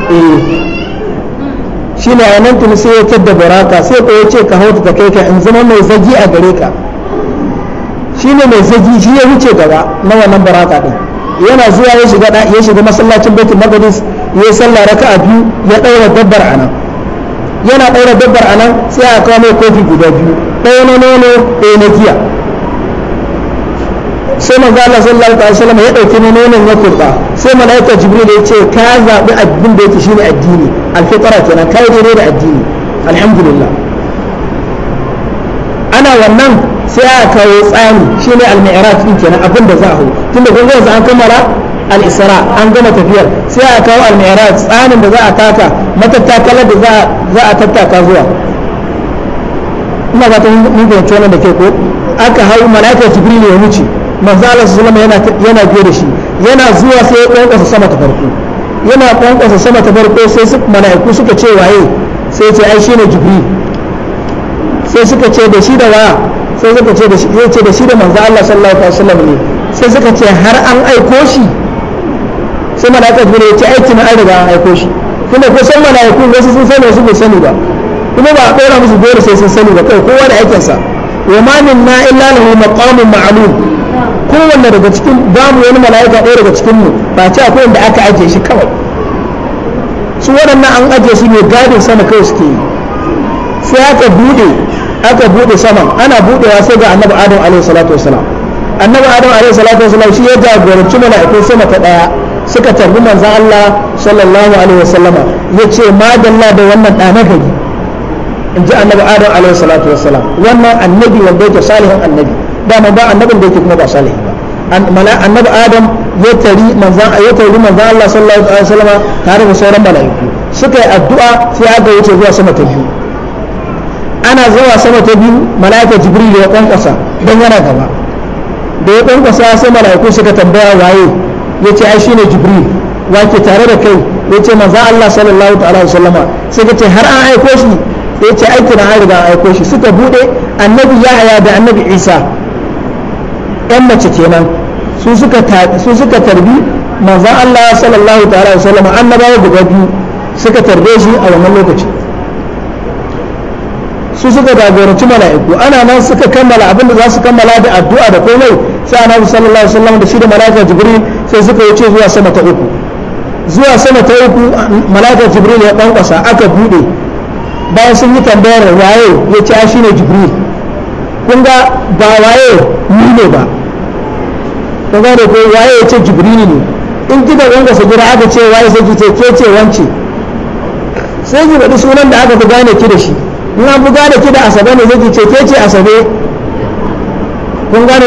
eh. shi ne a nan tuni sai ya da baraka sai ko ya ce ka hauta ta kai ka in zama mai zagi a gare ka shi ne mai zagi shi ya wuce gaba na wannan baraka ɗin yana zuwa ya shiga masallacin baitul maqdis ya sallah raka'a biyu ya ɗaura dabbar a nan yana ɗaura dabbar a nan sai a kawo mai kofi guda biyu ɗaya na nono ɗaya na giya sai manzo Allah sallallahu alaihi wasallam ya dauki nonon ya kurba sai malaika jibril ya ce ka zabi abin da yake shine addini alfitra kenan kai dai da addini alhamdulillah ana wannan sai a kawo tsani shine al-mi'raj din kenan abin da za a hau tunda kun ga an kammala al-isra an gama tafiyar sai a kawo al-mi'raj tsanin da za a taka matattakalar da za a tattaka zuwa ina ba ta mun fahimci wannan da ke ko aka hau malaika jibril ya wuce manzo Allah sallallahu alaihi yana biye da shi yana zuwa sai ya kwankwasa sama ta farko yana kwankwasa sama ta farko sai su malaiku suka ce waye sai ce ai shine jibril sai suka ce da shi da wa sai suka ce da shi da manzo Allah sallallahu alaihi wasallam ne sai suka ce har an aiko shi alaƙar gure ya ce aiki na an riga an aiko shi tunda kusan mala'iku wasu sun sani wasu bai sani ba kuma ba a ɗora musu dole sai sun sani ba kai kowa da aikinsa wa ma min na illa lahu maqamun ma'lum kowanne daga cikin babu wani mala'ika ɗaya daga cikin mu ba ce akwai wanda aka ajiye shi kawai su waɗannan an ajiye su ne gadin sama kawai suke yi sai aka buɗe aka buɗe saman ana buɗewa sai ga annabi adam alaihi salatu wasalam annabi adam alaihi salatu wasalam shi ya jagoranci mala'ikun sama ta ɗaya suka tarbi manzan Allah sallallahu alaihi wasallama ya ce madalla da wannan ɗa nagari in ji annabi adam alaihi salatu wasalam wannan annabi wanda yake salihin annabi dama ba annabin da yake kuma ba salihin ba annabi adam ya tari manzan ya tari manzan Allah sallallahu alaihi wasallama tare da sauran mala'iku suka yi addu'a sai aka wuce zuwa sama ta biyu ana zuwa sama ta biyu mala'ika jibril ya kwankwasa don yana gaba da ya kwankwasa sai mala'iku suka tambaya waye ya ce ai shine jibril wake tare da kai ya ce manza Allah sallallahu ta'ala wa sallama sai ka ce har an aiko shi ya ce aiki na an riga an aiko shi suka bude annabi Yahaya da annabi Isa yan mace kenan su suka su suka tarbi manza Allah sallallahu ta'ala wa sallama annabawa guda biyu suka tarbe shi a wannan lokaci su suka dagoranci mala'iku ana nan suka kammala abin da za su kammala da addu'a da komai sai annabi sallallahu alaihi wasallam da shi da mala'ika jibril sai suka wuce zuwa sama ta uku zuwa sama ta uku malakar jibril ya kwankwasa aka bude bayan sun yi tambayar waye ya ci shi ne jibril kun ga ba waye ni ne ba kun ga da waye ya ce jibril ne in kika kwankwasa gida aka ce waye sai ki ce ke ce wance sai ki faɗi sunan da aka fi gane ki da shi in an fi gane ki da asabe ne zai ki ce ke ce asabe kun gane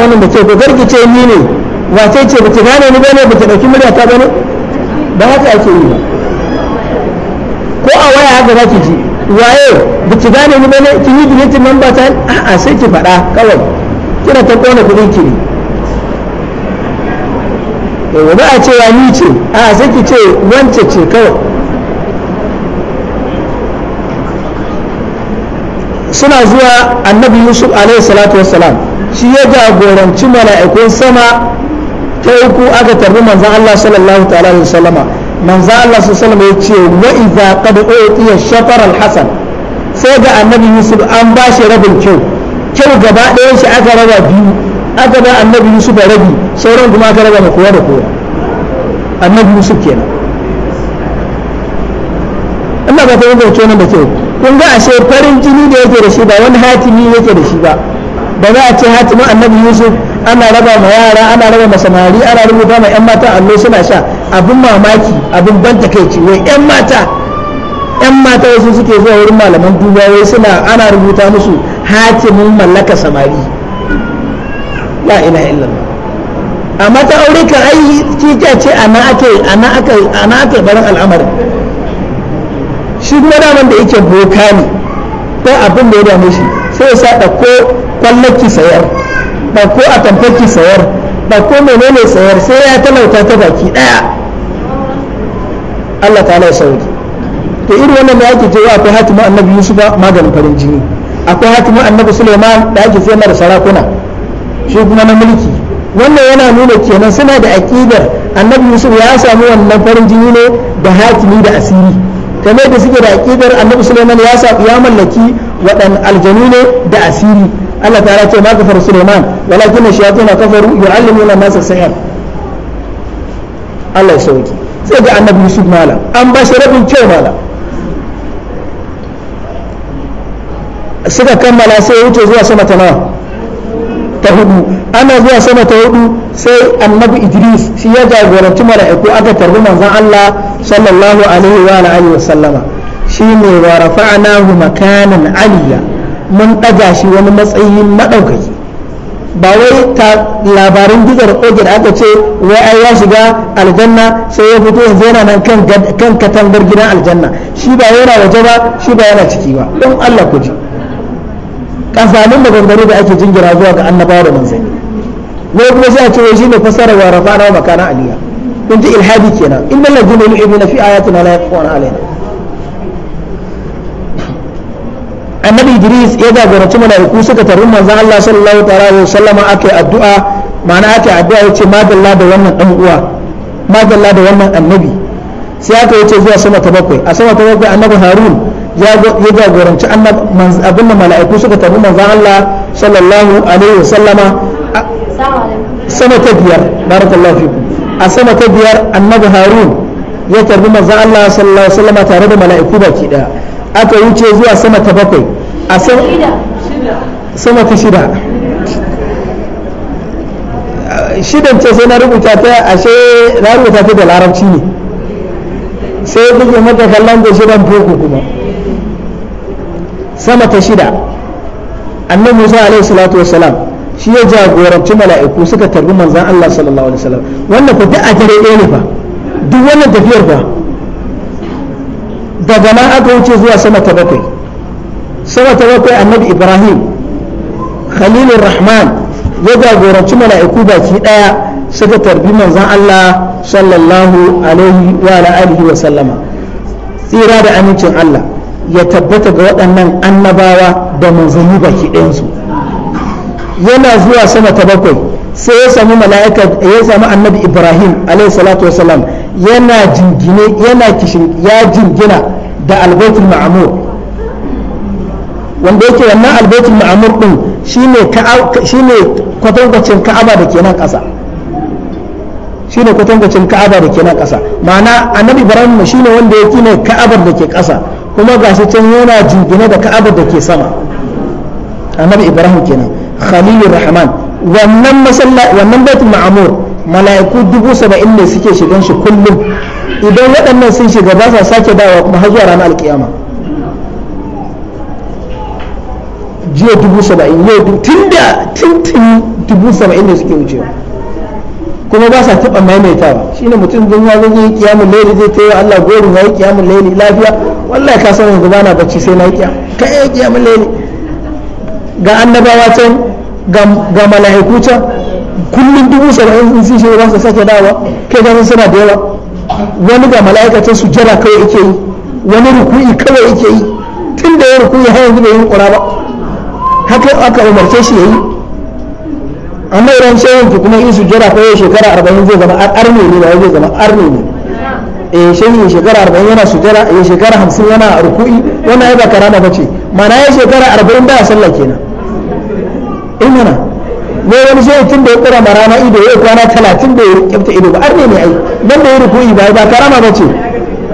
wannan da ke ko garki ce ni ne wace ce ba ta gane ni bane ba ta ɗauki murya ta bane ba haka ake yi ba ko a waya haka za ki ji waye ba ta gane ni bane kin yi dilitin nan ba ta a'a sai ki faɗa kawai kina ta kona kuɗin ki ne ba a cewa ni ce a sai ki ce wance ce kawai suna zuwa annabi yusuf alaihi salatu wassalam shi ya jagoranci mala'ikun sama ta uku aka tarbi manzan Allah sallallahu ta'ala alaihi wasallama manzan Allah sallallahu ya ce wa idza qad utiya shatar al sai ga annabi Yusuf an ba shi rabin kyau kyau gaba ɗayan shi aka raba biyu aka ba annabi Yusuf da rabi sauran kuma aka raba kowa da kowa annabi Yusuf kenan ina ba ta yi bauce nan da kyau kun ga ashe farin jini da yake da shi ba wani hatimi yake da shi ba ba za a ce hatimin annabi Yusuf ana raba ma yara ana raba ma samari ana rubuta ma yan mata allo suna sha abin mamaki abin ban takeici wai yan mata yan mata wasu suke zuwa wurin malaman duba wai suna ana rubuta musu hatimin mallaka samari la illa. illallah amma ta aure ka ai kija ce ana ake ana aka ana aka barin al'amarin shi kuma daman da yake boka ne ko abin da ya dame shi sai ya sa ko kwallaki sayar ɗauko a tamfaki sayar ɗauko menene sayar sai ya talauta ta baki ɗaya Allah ta ya sauki to irin wannan da yake cewa akwai hatimin annabi yusuf maganin farin jini akwai hatimin annabi suleiman da yake tsaye mara sarakuna shi kuma na mulki wannan yana nuna kenan suna da aƙidar annabi yusuf ya samu wannan farin jini ne da hatimi da asiri kamar da suke da aƙidar annabi suleiman ya mallaki waɗannan aljanu ne da asiri Allah ta ce ma kafar Sulaiman walakin shayatin kafaru yu'allimuna nas sihr Allah ya sauki sai ga annabi Yusuf malam an ba shi rabin kyau malam suka kammala sai wuce zuwa sama ta nawa ta hudu ana zuwa sama ta hudu sai annabi idris shi ya jagoranci mala'iku aka tarbi manzon allah sallallahu alaihi wa alihi wa sallama shine wa rafa'nahu makanan aliyya mun ɗaga shi wani matsayi maɗaukaki ba wai ta labarin gizar oge da aka ce wai ai ya shiga aljanna sai ya fito yanzu yana nan kan katangar gidan aljanna shi ba yana waje ba shi ba yana ciki ba don Allah ku ji kasanin gangare da ake jingira zuwa ga annabawa da manzanni wai kuma sai a ce wai shine fasara wa rafa na makana aliya kun ji ilhadi kenan In innal ibi na fi ayatina la yaqwana alaina idris ya jagoranci mala'iku suka tarin Allah sallallahu addu'a ma'ana aka addu'a yace da wannan dan uwa madalla da wannan annabi sai aka wuce zuwa sama ta bakwai a sama ta bakwai annabi harun ya jagoranci abin da mala'iku suka tabi manzan Allah sallallahu alaihi sallama sama ta biyar barakallahu fiku a sama ta biyar annabi harun ya tarbi manzan Allah sallallahu alaihi tare da mala'iku baki daya aka ce zuwa sama ta bakwai a sama ta shida shidan ce sai na rubuta ta ashe na rubuta ta da larabci ne sai kuke mata kallon da shidan boko kuma sama ta shida annabi musa alaihi salatu wasalam shi ya jagoranci mala'iku suka tarbi manzan allah sallallahu alaihi wasallam wannan ku duk a dare ɗaya ne fa duk wannan tafiyar fa daga nan aka wuce zuwa sama ta bakwai sama ta bakwai annabi ibrahim khalilur rahman ya jagoranci mala'iku baki daya suka tarbi manzon Allah sallallahu alaihi wa alihi wa sallama tsira da amincin Allah ya tabbata ga waɗannan annabawa da manzanni baki ɗayansu yana zuwa sama ta bakwai sai ya sami mala'ika ya sami annabi ibrahim alaihi salatu yana jingine yana kishin ya jingina da albaitul ma'amur wanda yake wannan albaitul ma'amur din shine shine kwatankwacin ka'aba da ke nan ƙasa shine kwatankwacin ka'aba da ke nan ma'ana annabi ibrahim shine wanda yake ne ka'abar da ke ƙasa kuma gashi can yana jingine da ka'abar da ke sama annabi ibrahim kenan khalilur rahman wannan masallaci wannan baitul ma'amur mala'iku dubu saba'in ne suke shigan shi kullum idan waɗannan sun shiga ba sa sake dawa kuma har zuwa ranar alkiyama jiya dubu saba'in yau tun da tuntun dubu saba'in da suke wucewa kuma ba sa taɓa maimaitawa shine mutum don ya zai yi kiyamun laili zai ta yi Allah gori ya yi kiyamun laili lafiya wallahi ka san yanzu bana bacci sai na yi kiyam ka yi kiyamun laili ga annabawa can ga mala'iku can kullum dubu saba'in in sun shi ba su sake dawa kai ganin suna da yawa wani ga mala'ikacin su jira kawai yake yi wani ruku'i kawai yake yi tun da ya ruku'i har yanzu bai yi kura ba haka aka umarce shi yayi amma idan shayin ki kuma in su jira ko shekara arba'in zai zama arne ne ba zai zama arne ne eh ya shekara arba'in yana su jira ya shekara hamsin yana ruku'i wannan ai ba karama bace mana ya shekara arba'in ba sallah kenan in eh, mana ne wani shehi tun da ya kura marana ido ya kwana talatin da ya kyamta ido ba arne ne ai dan da ya ruku'i ba ba karama bace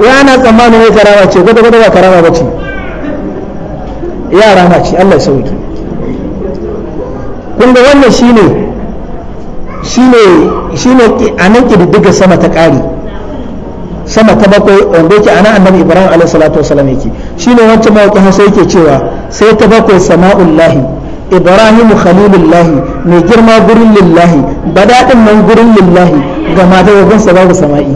ya na tsammanin ya karama ce gwada gwada ba karama bace yara na ce Allah ya sauke kun wannan shine shine shine a nan kididdiga sama ta ƙari sama ta bakwai wanda yake ana annabi ibrahim alaihi salatu wasalam yake shine wancan mawaƙi hausa yake cewa sai ta bakwai sama'ullahi ibrahim khalilullahi mai girma gurin lillahi daɗin nan gurin lillahi ga mata yabon sa babu sama'i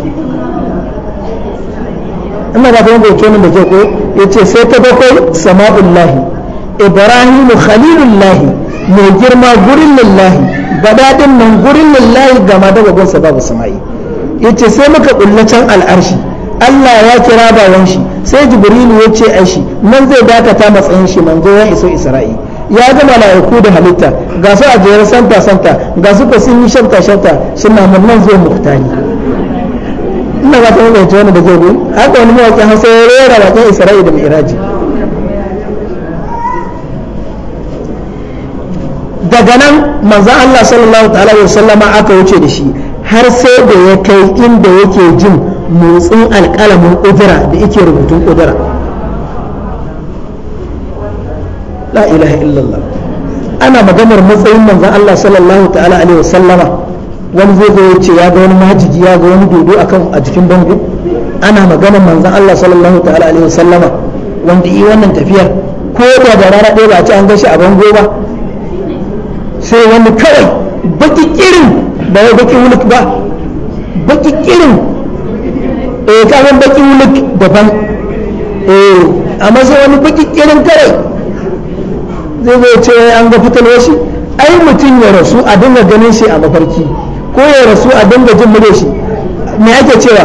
ina ga don goke da ke ko yace sai ta bakwai sama'ullahi Ibrahimu khalilullahi mai girma gurin lillahi gadadin nan gurin lillahi ga daga sa babu samayi yace sai muka can al'arshi Allah ya kira bawan shi sai jibrilu ya ce a shi nan zai dakata matsayin shi manzo ya iso isra'i ya ga mala'iku da halitta ga su a jere santa santa ga su ko sun yi shanta shafta suna murnan zuwa muktani ina ga ta mai wani da zai haka wani mawaki hausa ya rera bakin isra'i da mi'raji daga nan manzan Allah sallallahu ta'ala wa sallama aka wuce da shi har sai da ya kai inda yake jin motsin alƙalamin ƙudura da yake rubutun ƙudura la ilaha illallah ana maganar matsayin manzan Allah sallallahu ta'ala alaihi wasallama wani zai zo ya ya ga wani majigi ya ga wani dodo akan a jikin bango ana maganar manzan Allah sallallahu ta'ala alaihi wasallama wanda yi wannan tafiyar ko da da rana ɗaya ba a ci an gashi a bango ba sai wani kawai baki kirin ba wai baki wuluk ba baki kirin eh kaman baki wuluk daban eh amma sai wani baki kirin kawai zai zai ce an ga fitar shi ai mutum ya rasu a dinga ganin shi a mafarki ko ya rasu a dinga jin mure shi me ake cewa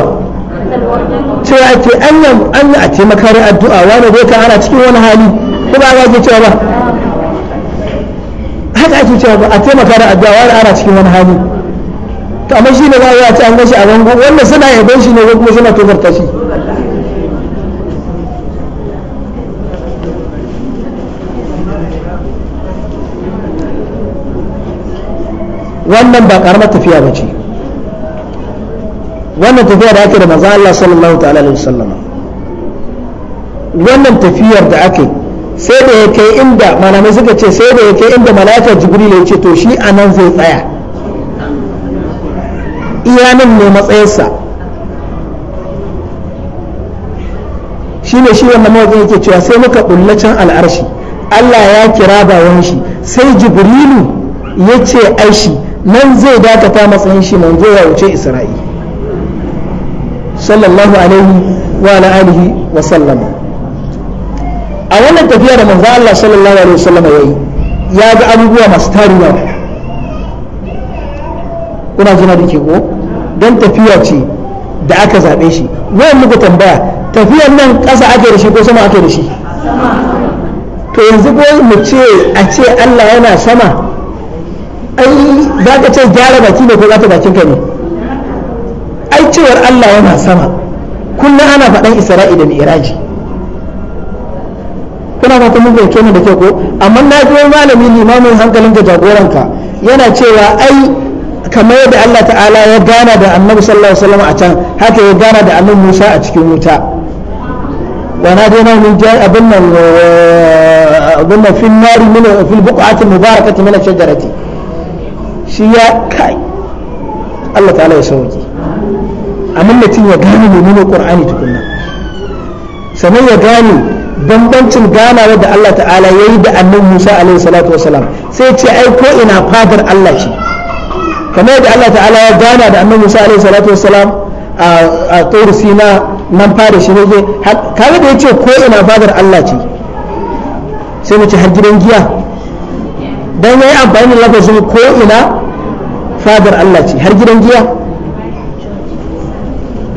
cewa ake an a taimakarin addu'a wani zai ka ana cikin wani hali ko ba za ke cewa ba haka ake cewa ba a taimaka da addu'a wani ana cikin wani hali to amma shi ne za a yi a ci an gashi a bango wanda suna yabon shi ne ko kuma suna tozarta shi wannan ba karamar tafiya ba ce wannan tafiya da ake da maza Allah sallallahu ta'ala alaihi wasallama wannan tafiyar da ake sai da ya kai inda malamai suka ce sai da ya kai inda malaka jibril ya ce to shi a nan zai tsaya iyanin ne matsayinsa shi ne shi wannan mawaƙin yake cewa sai muka ɓulla can al'arshi Allah ya kira ba shi sai jibrilu ya ce aishi nan zai dakata matsayin shi manzo ya wuce isra'i sallallahu alaihi wa alihi wa sallama a wannan tafiya da manzo Allah sallallahu alaihi wasallam ya yi ya ga abubuwa masu tarin yawa kuna jina da ke ko don tafiya ce da aka zaɓe shi wayan muka tambaya tafiyan nan ƙasa ake da shi ko sama ake da shi to yanzu ko mu ce a ce Allah yana sama ai za ka ce gyara baki ne ko za ta bakin ka ne ai cewar Allah yana sama kullum ana faɗan Isra'i da Mi'raji kuna ba ta bai fahimce mu da ke ko amma na ji wani malami limamin hankalin ka jagoranka yana cewa ai kamar yadda Allah ta'ala ya gana da annabi sallallahu alaihi wasallam a can haka ya gana da annabi Musa a cikin wuta wa na dai mun ji abin nan abin nan fil nari min fil buq'ati mubarakati min ash-shajarati shi ya kai Allah ta'ala ya sauki amma mutum ya gane menene Qur'ani tukunna sannan ya gane bambancin ganawa da Allah ta'ala ya yi da annabi Musa alaihi salatu wasalam sai ce ai ko ina fadar Allah ce kamar yadda Allah ta'ala ya gana da annabi Musa alaihi salatu wasalam a Tur Sina nan fara shi ne kaga da ce ko ina fadar Allah ce sai mu ci har gidan giya dan yayi amfani da lafazin ko ina fadar Allah ce har gidan giya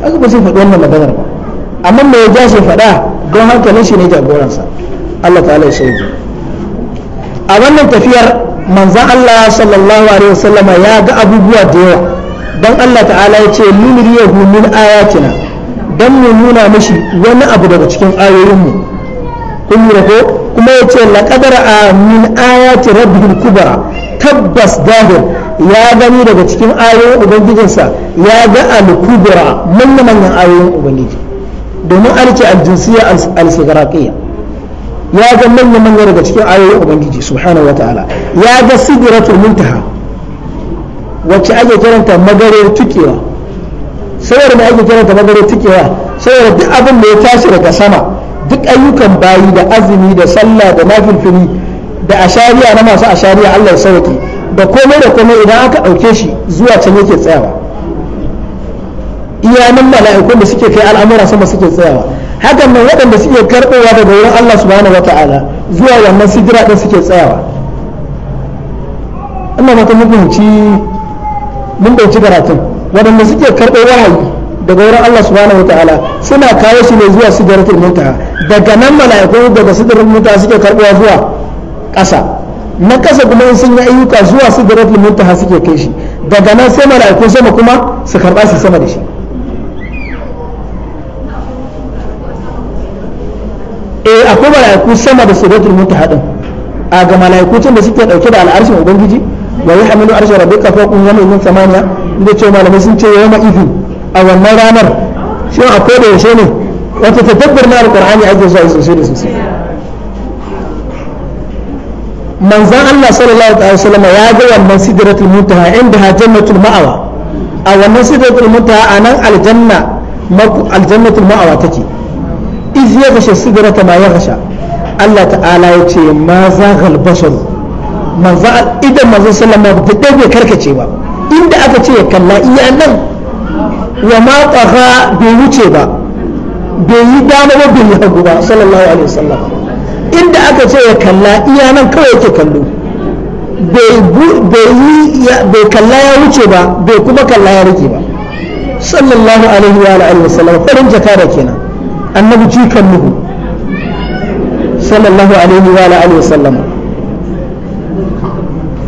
kaga ba zai faɗi wannan maganar ba amma mai ya ja shi faɗa don hankalin shi ne jagoransa Allah ta'ala ya sauke a wannan tafiyar manzan Allah sallallahu alaihi wasallama ya ga abubuwa da yawa don Allah ta'ala ya ce luniriyahu min ayatina don mu nuna mishi wani abu daga cikin ayoyinmu kun lura ko kuma ya ce laƙadar a min ayati rabbihil kubara tabbas dahir ya gani daga cikin ayoyin ubangijinsa ya ga al-kubara manyan manyan ayoyin ubangiji domin an ce aljinsiya al-sigaraqiyya ya ga manya manya daga cikin ayoyin ubangiji subhanahu wataala ya ga sidratul muntaha wacce ake kiranta magarar tukewa saboda da ake kiranta magarar tukewa saboda duk abin da ya tashi daga sama duk ayyukan bayi da azumi da sallah da nafilfili da ashariya na masu ashariya Allah ya sauke da komai da komai idan aka ɗauke shi zuwa can yake tsayawa iyanan mala'ikun da suke kai al'amura sama suke tsayawa hakan nan waɗanda suke karɓowa daga wurin Allah subhanahu wata'ala zuwa wannan sidira ɗin suke tsayawa Allah mata mutunci mun ɗauki karatun waɗanda suke karɓo wahayi daga wurin Allah subhanahu wata'ala suna kawo shi ne zuwa sidratul muntaha daga nan mala'ikun daga sidratul muntaha suke karɓowa zuwa ƙasa na kasa kuma sun yi ayyuka zuwa sidratul muntaha suke kai shi daga nan sai mala'ikun sama kuma su karɓa su sama da shi eh akwai malaiku sama da sidratul muntaha din a ga malaikutun da suke dauke da al'arshin ubangiji wa yahmilu arsha rabbika fawqahum yawma idhin samaniya inda ce malamai sun ce yawma idhin a wannan ranar shi akwai da yaushe ne wata tadabbur na alqur'ani ake zuwa sosai da sosai manzan Allah sallallahu alaihi wasallam ya ga wannan sidratul muntaha inda ha jannatul ma'awa a wannan sidratul muntaha anan aljanna aljannatul ma'awa take iz ya gashe sigirata ma ya gasha Allah ta'ala ya ce ma za galbashar ba ta ɗaya karkace ba inda aka ce kalla iya nan wa ma bai wuce ba bai yi dama bai yi hagu ba inda aka kalla iya nan kawai ka bai kalla ya wuce ba bai kuma kalla ya rike ba sallallahu alaihi wa alihi wasallam farin jaka da kenan annabi cikan muhu, sallallahu alaihi wa alihi wasallam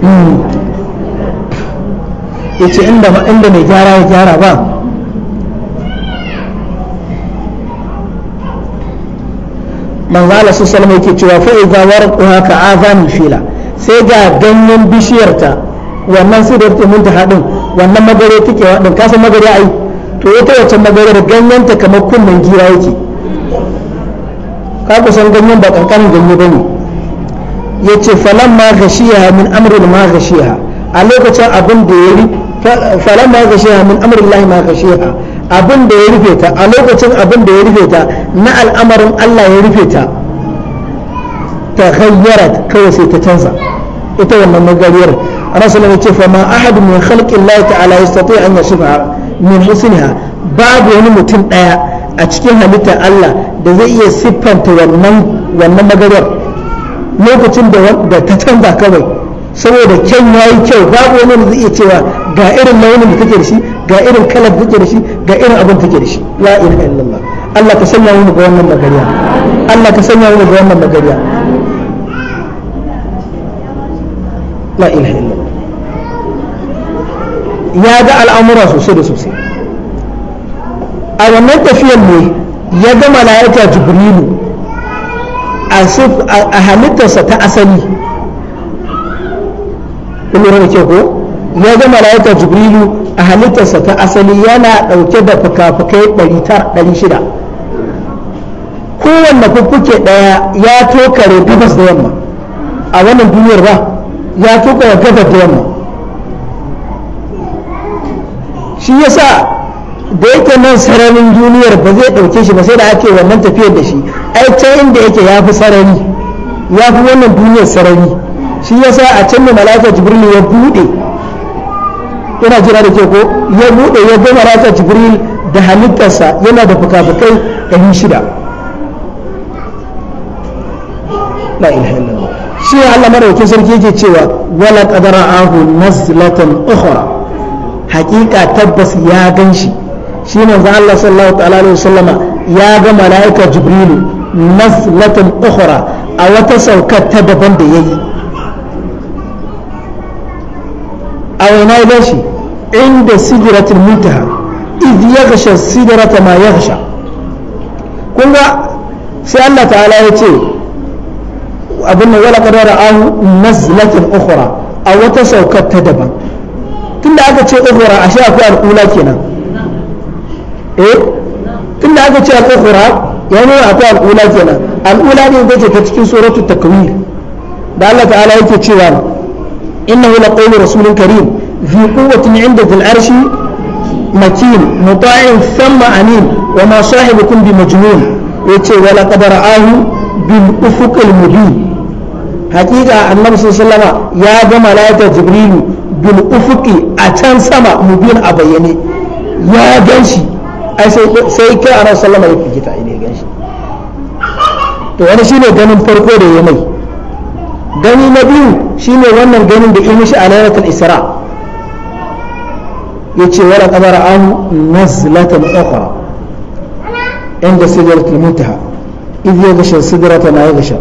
hmm. yace inda inda mai gyara ya gyara ba manzo Allah sallallahu yake cewa fa idza warquha ka azan fila sai ga ganyen bishiyarta wannan sidar ta mun ta hadin wannan magare take wadin kasan magare ai to ita wacce magare ganyen ta kamar kunnen gira yake ka kusan ganyen ba kankanin ganye ba ne ya ce falan ma gashiya min amurin ma gashiya a lokacin abin da ya rufe falan ma gashiya min amrin lahi ma gashiya abin da ya rufe ta a lokacin abin da ya rufe ta na al'amarin Allah ya rufe ta ta hayyarat kawai sai ta canza ita wannan magariyar rasulun ya ce fa ma ahadu min khalqin Allah ta'ala yastati an yashfa min husniha babu wani mutum daya a cikin halittar Allah da zai iya siffanta wannan wannan magarwar lokacin da ta canza kawai saboda kyan yayi kyau babu wani da zai iya cewa ga irin launin da take da shi ga irin kalar da take da shi ga irin abin take da shi la ilaha illallah Allah ka sanya mu ga wannan magariya Allah ka sanya mu ga wannan magariya la ilaha illallah ya ga al'amura sosai da sosai a wannan tafiyar ne ya ga mala'ika jibrilu a halittarsa ta asali kuma da ke ko ya ga mala'ika jibrilu a halittarsa ta asali yana ɗauke da fuka-fukai 600 kowanne fuffuke ɗaya ya tokare gabas da yamma a wannan duniyar ba ya tokare gabas da yamma shi yasa da yake nan sararin duniyar ba zai ɗauke shi ba sai da ake wannan tafiyar da shi ai can inda yake ya fi sarari ya fi wannan duniyar sarari shi ya sa a can ne malaka jibril ya buɗe yana jira da ke ko ya buɗe ya ga malaka jibril da halittarsa yana da fuka-fukai ɗari shida la ilaha illallah shi Allah madaukakin sarki yake cewa wala qadara ahu nazlatan ukhra haƙiƙa tabbas ya gan shi shi manzo Allah sallallahu ta'ala alaihi sallama ya ga malaika jibrilu naslatan ukhra a wata saukar ta daban da yayi a wani ga shi inda sidratul muntaha idh yaghsha sidrata ma yaghsha kun ga sai Allah ta'ala ya ce abin da wala kadara ahu nazlatin ukhra a wata saukar ta daban tunda aka ce ukhra a ashe akwai al'ula kenan eh tunda aka ce al-ukhra ya nuna akwai al'ula kenan al'ula ne da ke ta cikin suratu takwir da Allah ta'ala yake cewa innahu laqawlu rasulun karim fi quwwatin 'inda dhil arshi makin muta'in thumma amin wa ma sahibukum bi majnun yace wa laqad ra'ahu bil ufuqil mubin hakika annabi sallallahu ya ga malaika jibrilu bil ufuqi a can sama mubin a bayyane ya ganshi ai sai kai ana sallama ya fike ta ne gan shi to wani shine ganin farko da ya mai gani na biyu ne wannan ganin da shi a lailatul isra yace wala qadara an nazlatan ukhra inda sigar sidratul gashin idh ta na ma yaghsha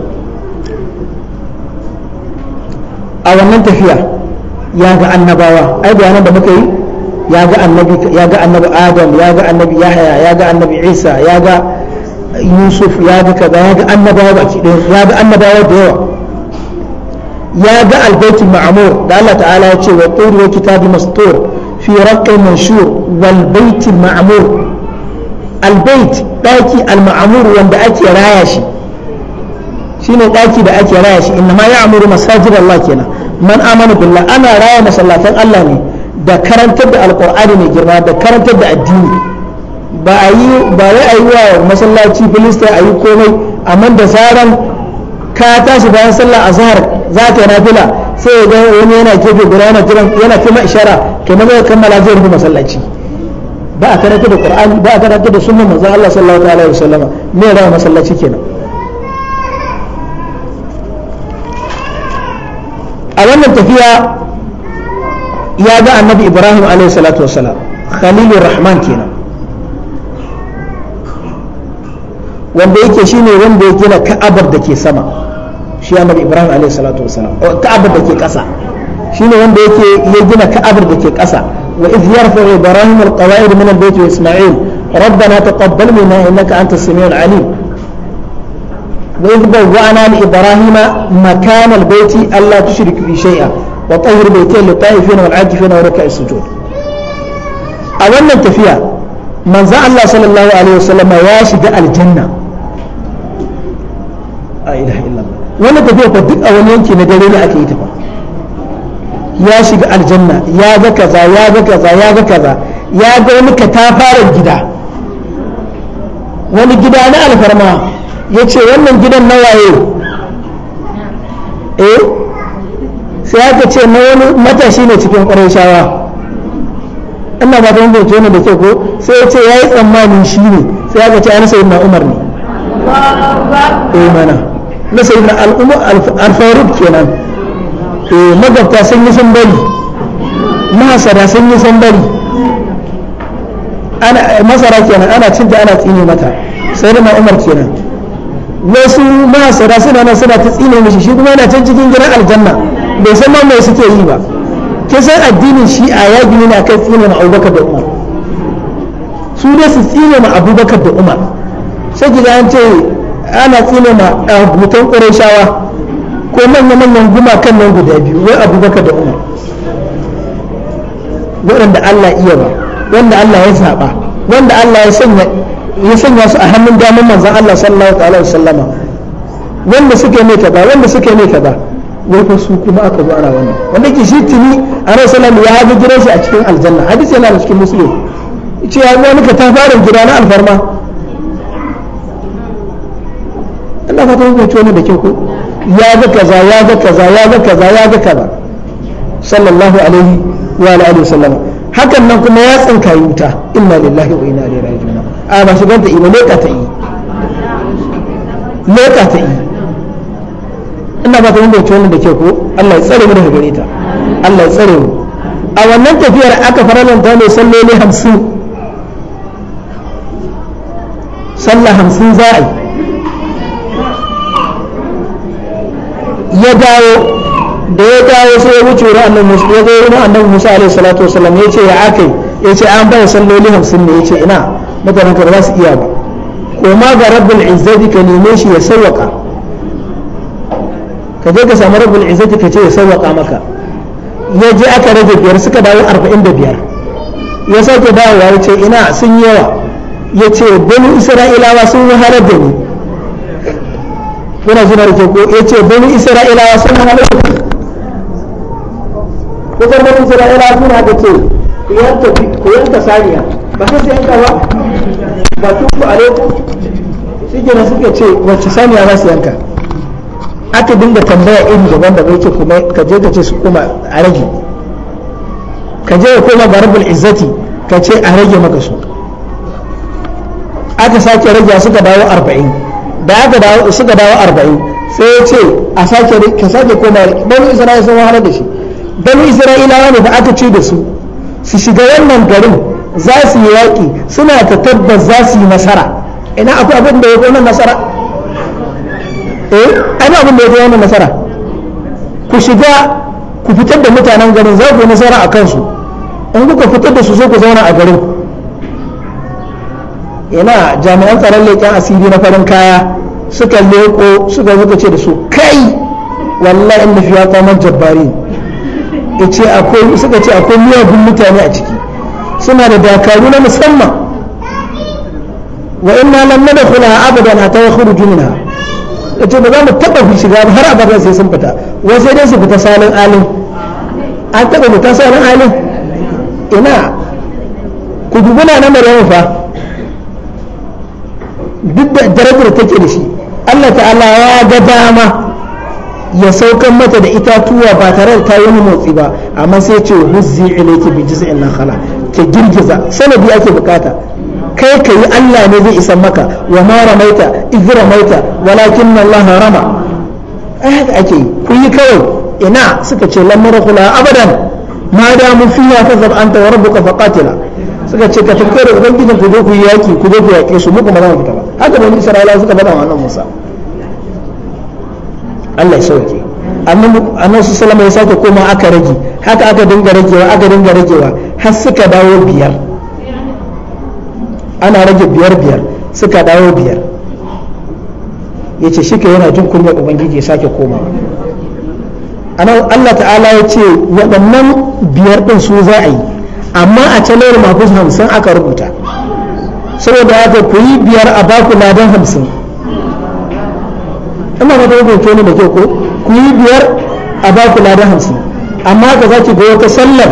a wannan tafiya ya ga annabawa ai bayanan da muka yi ya ga annabi ya ga annabi adam ya ga annabi yahaya ya ga annabi isa ya ga yusuf ya ga kaza ya ga annabawa baki ɗaya ya ga annabawa da yawa ya ga albaitul ma'mur da Allah ta'ala ya ce wa turi wa kitabi mastur fi raqqin manshur wal baitul ma'mur albait daki al ma'mur wanda ake raya shi shine daki da ake raya shi inna ma ya'muru masajid Allah kenan man amana billah ana raya masallatan Allah ne da karantar da alkur'ani mai girma da karantar da addini ba a yi ba a yi wa masallaci filista a yi komai amma da zaran ka tashi bayan sallar azhar za ta yi nafila sai ga wani yana gefe guda yana jiran yana kima ishara to na kammala zai rufe masallaci ba a karantar da qur'ani ba a karanta da sunan manzon Allah sallallahu alaihi wasallam me rawa masallaci kenan a wannan tafiya يا ذا النبي إبراهيم عليه الصلاة والسلام خليل الرحمن كنا وبيك شيني وبيك كأبر دكي سما شيا النبي إبراهيم عليه الصلاة والسلام أو كأبر دكي كسا شيني وبيك يجينا كأبر دكي كسا وإذ يرفع إبراهيم القواعد من البيت وإسماعيل ربنا تقبل منا إنك أنت السميع العليم وإذ بوأنا لإبراهيم مكان البيت ألا تشرك بي شيئا wa tahir baiti lil ta'ifina wal akifina wa ruk'i sujud a wannan tafiya manzon Allah sallallahu alaihi shiga aljanna a tafiya fa duk a wani yanki na dare ne ake yi ta ya shiga aljanna ya ga kaza ya ga kaza ya ga kaza ya ga wani katafaren gida wani gida na alfarma ya ce wannan gidan na waye eh ya ka ce na wani matashi ne cikin ƙwarar shawa ina ba ta mun zai tona da ke ko sai ya ce ya yi tsammanin shi ne sai ya ka ce ana sayi na umar ne eh mana na sayi na al'umma alfaruk kenan eh magabta sun yi sun bari masara sun yi sun bari masara kenan ana cinta ana tsini mata sai da umar kenan wasu masara suna nan suna ta tsini mishi shi kuma yana can cikin gidan aljanna bai san ma mai suke yi ba ke san addinin shi'a ya gini na kai tsine abubakar da umar su ne su tsine abubakar da umar sai gida an ce ana tsine ma ah, mutan ƙurashawa ko manya-manyan gumakan nan guda biyu wai abubakar da umar waɗanda allah iya ba wanda allah ya saba wanda allah ya sanya ya sanya su a hannun damar manzan Allah sallallahu alaihi wasallama wanda suke mai ba wanda suke mai ba wai ko su kuma aka zo ana wannan wanda ke shi tuni annabi sallallahu alaihi wasallam ya gidan shi a cikin aljanna hadisi yana da cikin muslim ce ya ga muka ta fara gida na alfarma Allah fata ku ce da kyau ko ya ga kaza ya ga kaza ya ga kaza ya ga kaza sallallahu alaihi wa alihi wasallam hakan nan kuma ya tsinkayi wuta inna lillahi wa inna ilaihi raji'un a ba shi da imane ka ta yi ne ta yi ina ba ta yi bauci wani da ke ko Allah ya tsare mu daga gare ta Allah ya tsare mu a wannan tafiyar aka faranta ne salloli hamsin sallah hamsin za a ya dawo da ya dawo sai ya wuce wurin annabi Musa ya ga wurin annabi Musa alaihi salatu wasallam ya ce ya akai ya ce an bai salloli hamsin ne ya ce ina mutanen ka ba za su iya ba ko ma ga rabbul izzati ka neme shi ya sauwaka ka je ka samu rabbul izzati ka ce ya sauwaka maka ya je aka rage biyar suka dawo arba'in da biyar ya sake dawowa ya ce ina sun yawa ya ce bani isra'ilawa sun wahalar da ni kuna suna da ke ko ya ce bani isra'ilawa sun wahalar da ni kusan bani isra'ilawa suna da ce ku yanka saniya ba sai yanka ba ba tuku alaikum shi suka ce wacce saniya za su yanka aka dinga tambaya iri daban da bai ke kuma ka je ka ce su kuma a rage ka je ka koma ga rabbul izzati ka ce a rage maka su aka sake rage suka dawo arba'in da aka dawo suka dawo arba'in sai ya ce a sake ka sake koma bani isra'ila sun wahala da shi bani isra'ilawa ne da aka ce da su su shiga wannan garin za su yi yaƙi suna ta tabbas za su yi nasara ina akwai abin da ya kona nasara eh ana abin da ya zama nasara ku shiga ku fitar da mutanen garin za ku yi nasara a kansu in kuka fitar da su sai ku zauna a garin yana jami'an tsaron leƙen asiri na farin kaya suka leƙo suka zuka ce da su kai wallahi inda fiya man jabbari suka ce akwai miyagun mutane a ciki suna da dakaru na musamman wa inna lam nadkhula abadan hatta yakhruju minha ya ce ba za mu taɓa shiga ba har abada sai sun fita wai sai dai su fita salin alin an taɓa fita salin alin ina ku dubuna na maryamu fa duk da darajar take da shi Allah ta'ala ya ga dama ya saukan mata da itatuwa ba tare da ta wani motsi ba amma sai ce huzzi ilayki bi jiz'in nakhala ke girgiza sanadi ake bukata kai ka yi Allah ne zai isan maka wa ma ramaita idh ramaita walakin Allah rama ai haka ake yi kun yi kawai ina suka ce lamar kula abadan ma da mu fiya fa zab anta wa rabbuka faqatila suka ce ka tafi da ubangijin ku je ku yaki ku je ku yake su muku ba za mu fita ba haka bani isra'ila suka faɗa wa annabi Musa Allah ya sauke annabi sallallahu alaihi ya sake koma aka rage haka aka dinga ragewa aka dinga ragewa har suka dawo biyar ana rage biyar biyar suka dawo biyar ya ce shi yana jin kunya ubangiji ya sake koma Allah ta'ala ya ce waɗannan biyar ɗin su za a yi amma a canar mafus hamsin aka rubuta saboda aka ku yi biyar a baku ladan hamsin ina ba ta rubuta ne da kyau ko ku yi biyar a baku ladan hamsin amma ka za ki ga wata sallar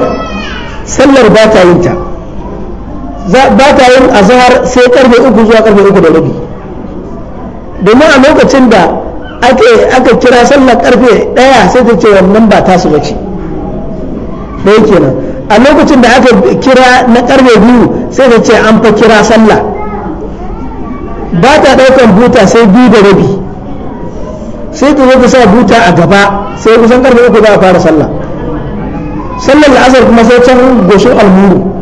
sallar ba ta yin ta ba ta yin azahar sai karfe uku zuwa karfe uku da rabi domin a lokacin da aka kira sallar karfe daya sai ta ce wannan ba su ba ce yake kenan a lokacin da aka kira na karfe biyu sai ta ce an fa kira sallah ba ta ɗaukan buta sai biyu da rabi sai ta zo ta sa buta a gaba sai kusan karfe uku za a fara sallah sallar da asar kuma sai can goshin almuru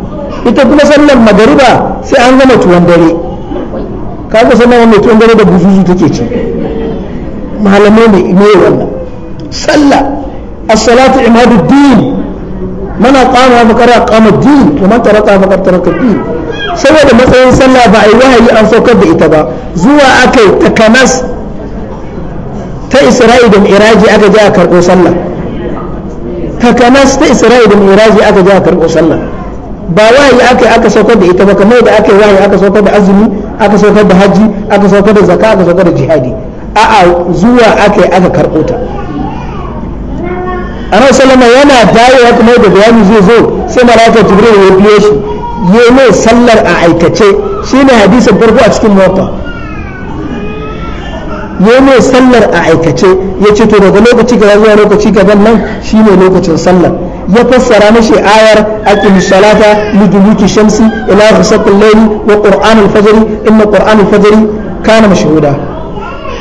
ita kuma sallar magariba sai an gama tuwon dare kaga sallar mai tuwon dare da buzuzu take ci malamai ne ne wannan sallah as-salatu imadu din mana qama fa qara qama din wa man taraka fa qad taraka din saboda matsayin sallah ba ai wahayi an saukar da ita ba zuwa akai takanas ta isra'i da iraji aka je a karɓo sallah takanas ta isra'i da iraji aka je a karɓo sallah ba wahayi aka aka saukar da ita ba kamar da aka yi aka saukar da azumi aka saukar da haji aka saukar da zaka aka saukar da jihadi a'a zuwa aka aka karɓo ta annabi sallama yana dawowa kamar da bayani zai zo sai malaka jibril ya biyo shi ya mai sallar a aikace shine hadisin farko a cikin mota ya mai sallar a aikace ya ce to daga lokaci ga zuwa lokaci ga nan shine lokacin sallar ya fassara mashi ayar aqim salata liduluki shamsi ila ghusatil layli wa qur'an al-fajr inna qur'an al-fajr kana mashhuda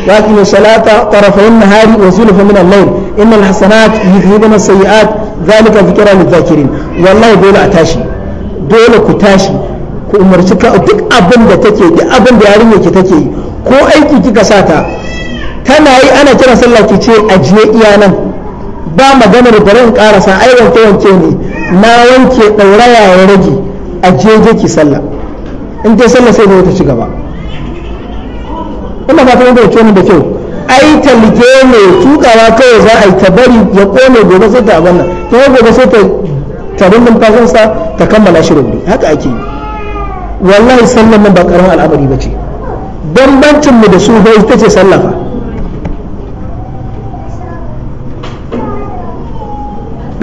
wa aqim salata tarafa an-nahari wa zulfa min al-layl inna al-hasanat yuhibuna as-sayyi'at dhalika dhikra lidh-dhakirin wallahi dole a tashi dole ku tashi ku umarci ka duk abin da take duk abin da yarinya ki take yi ko aiki kika sa ta tana yi ana kira sallah ki ce ajiye iya nan ba maganar bari in karasa ai wanke wanke ne na wanke ɗauraya ya rage a jeje ki sallah in dai sallah sai da ta ci gaba Kuma ba ta wanda da kyau ai talge ne tukawa kawai za a yi ta bari ya kone gobe sai ta abin to gobe sai ta tarin sa ta kammala shi rubi haka ake yi wallahi sallan nan ba karamin al'amari ba ce bambancin mu da su bai ita ce sallafa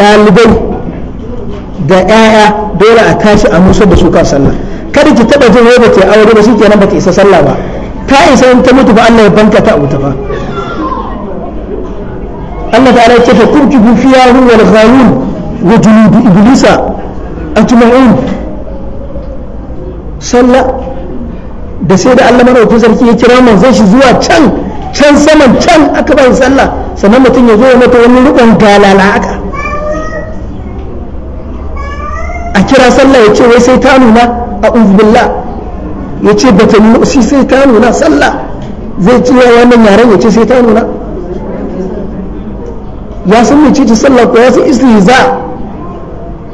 Dalibai da 'ya'ya dole a tashi a musu da su kan sallah kada ki taba jin wai bace aure ba shikenan baki isa sallah ba ta isa in ta mutu ba Allah ya banka ta abuta fa Allah ta'ala ya ce fa kurkibu fiya huwal ghayun wa juludu iblisa ajma'un sallah da sai da Allah madaukakin sarki ya kira manzon shi zuwa can can saman can aka bai sallah sannan mutum ya zo ya mata wani rukun galala aka kira sallah ya ce wai sai ta nuna a uzbillah ya ce ba ta nuna shi sai ta nuna sallah zai ce wannan yaren ya ce sai ta nuna ya san mai ta sallah ko ya san istiza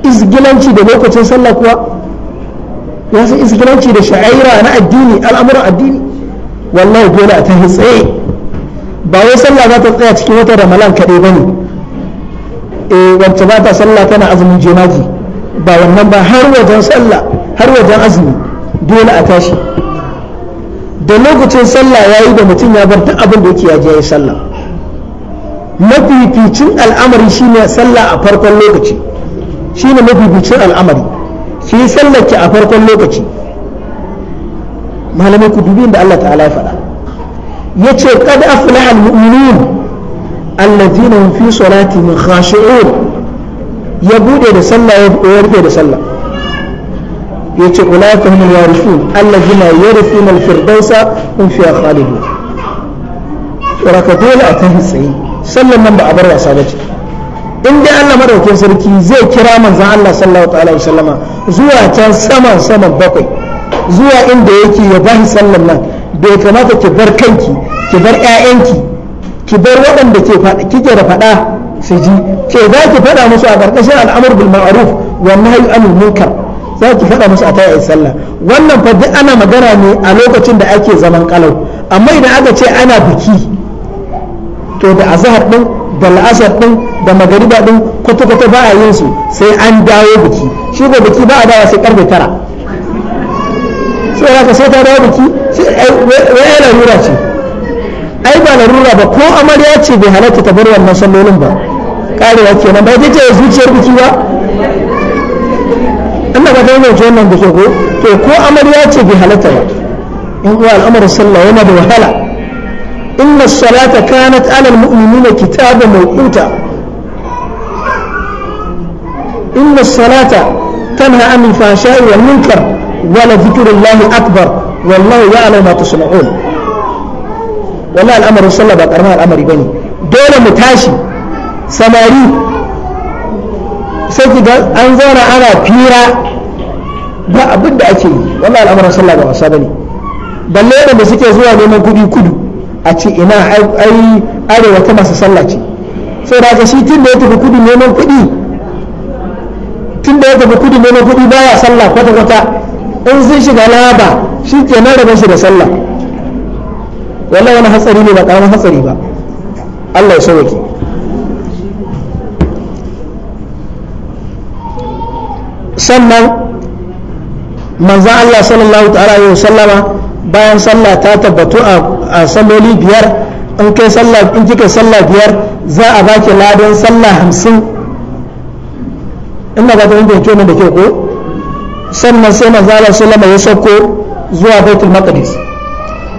izgilanci da lokacin sallah kuwa ya san izgilanci da sha'ira na addini al'amuran addini wallahi dole a ta tsaye ba wai sallah za ta tsaya cikin wata ramalan kaɗai ba ne eh wacce ba ta sallah tana azumin jemaji ba wannan ba har wajen sallah har wajen azumi dole a tashi da lokacin sallah ya yi da mutum ya bar duk abin da yake ya je ya yi sallah mafificin al'amari ne sallah a farkon lokaci ne mafificin al'amari ki yi sallar ki a farkon lokaci malamai ku dubi da Allah ta'ala ya faɗa yace ce, aflaha al-mu'minun alladhina hum fi salatihim khashi'un ya bude da sallah ya rufe da sallah ya ce ulaka hum yarithun allazina yarithuna al-firdausa hum fiha khalidun raka dole a tafi tsaye sallan nan ba a bar wasa ba ce in dai Allah madaukakin sarki zai kira manzon Allah sallallahu ta'ala wa sallama zuwa can saman saman bakwai zuwa inda yake ya bai sallan nan bai kamata ki bar kanki ki bar ƴaƴanki ki bar waɗanda kike da fada. su ji ce za ki faɗa musu a ƙarƙashin al'amur bil ma'ruf wa nahyi anil munkar za ki faɗa musu a tayi sallah wannan fa duk ana magana ne a lokacin da ake zaman kalau amma idan aka ce ana biki to da azhar din da la'asar din da magariba din kwata-kwata ba a yin su sai an dawo biki shi ko biki ba a dawa sai karfe tara sai ka sai ta dawo biki wai ai larura ce ai ba larura ba ko amarya ce bai halatta ta bar wannan sallolin ba karewa kenan ba ita ce zuciyar biki ba Allah ba ta yi wannan da ke ko to ko amarya ce bi halatta ba in uwa al'amarin sallah yana da wahala inna salata kanat alal mu'minina kitaban mawquta inna salata تنهى عن الفحشاء والمنكر ولذكر الله أكبر والله يعلم ما تصنعون والله الأمر ba karamar عليه الأمر Dole mu tashi. samari sai ki ga an zauna ana fira ba abin da ake yi wannan al'amuran sallah ba wasa bane balle da suke zuwa neman kuɗi kudu a ce ina ai arewa ta masu sallah ce sai da ka shi tun da ya tafi kudu neman kudi tun da ya tafi kudu neman ba baya sallah kwata-kwata in sun shiga laba shi ke nan da shi da sallah wallahi wani hatsari ne ba ƙaramin hatsari ba Allah ya sauke sannan manzan Allah sallallahu ta'ala wa sallama bayan sallah ta tabbatu a salloli biyar in kai sallah in kika sallah biyar za a baki ladan sallah hamsin ina ba ta yin bincike ne da ke ko sannan sai manzan Allah sallama ya sauko zuwa baitul maqdis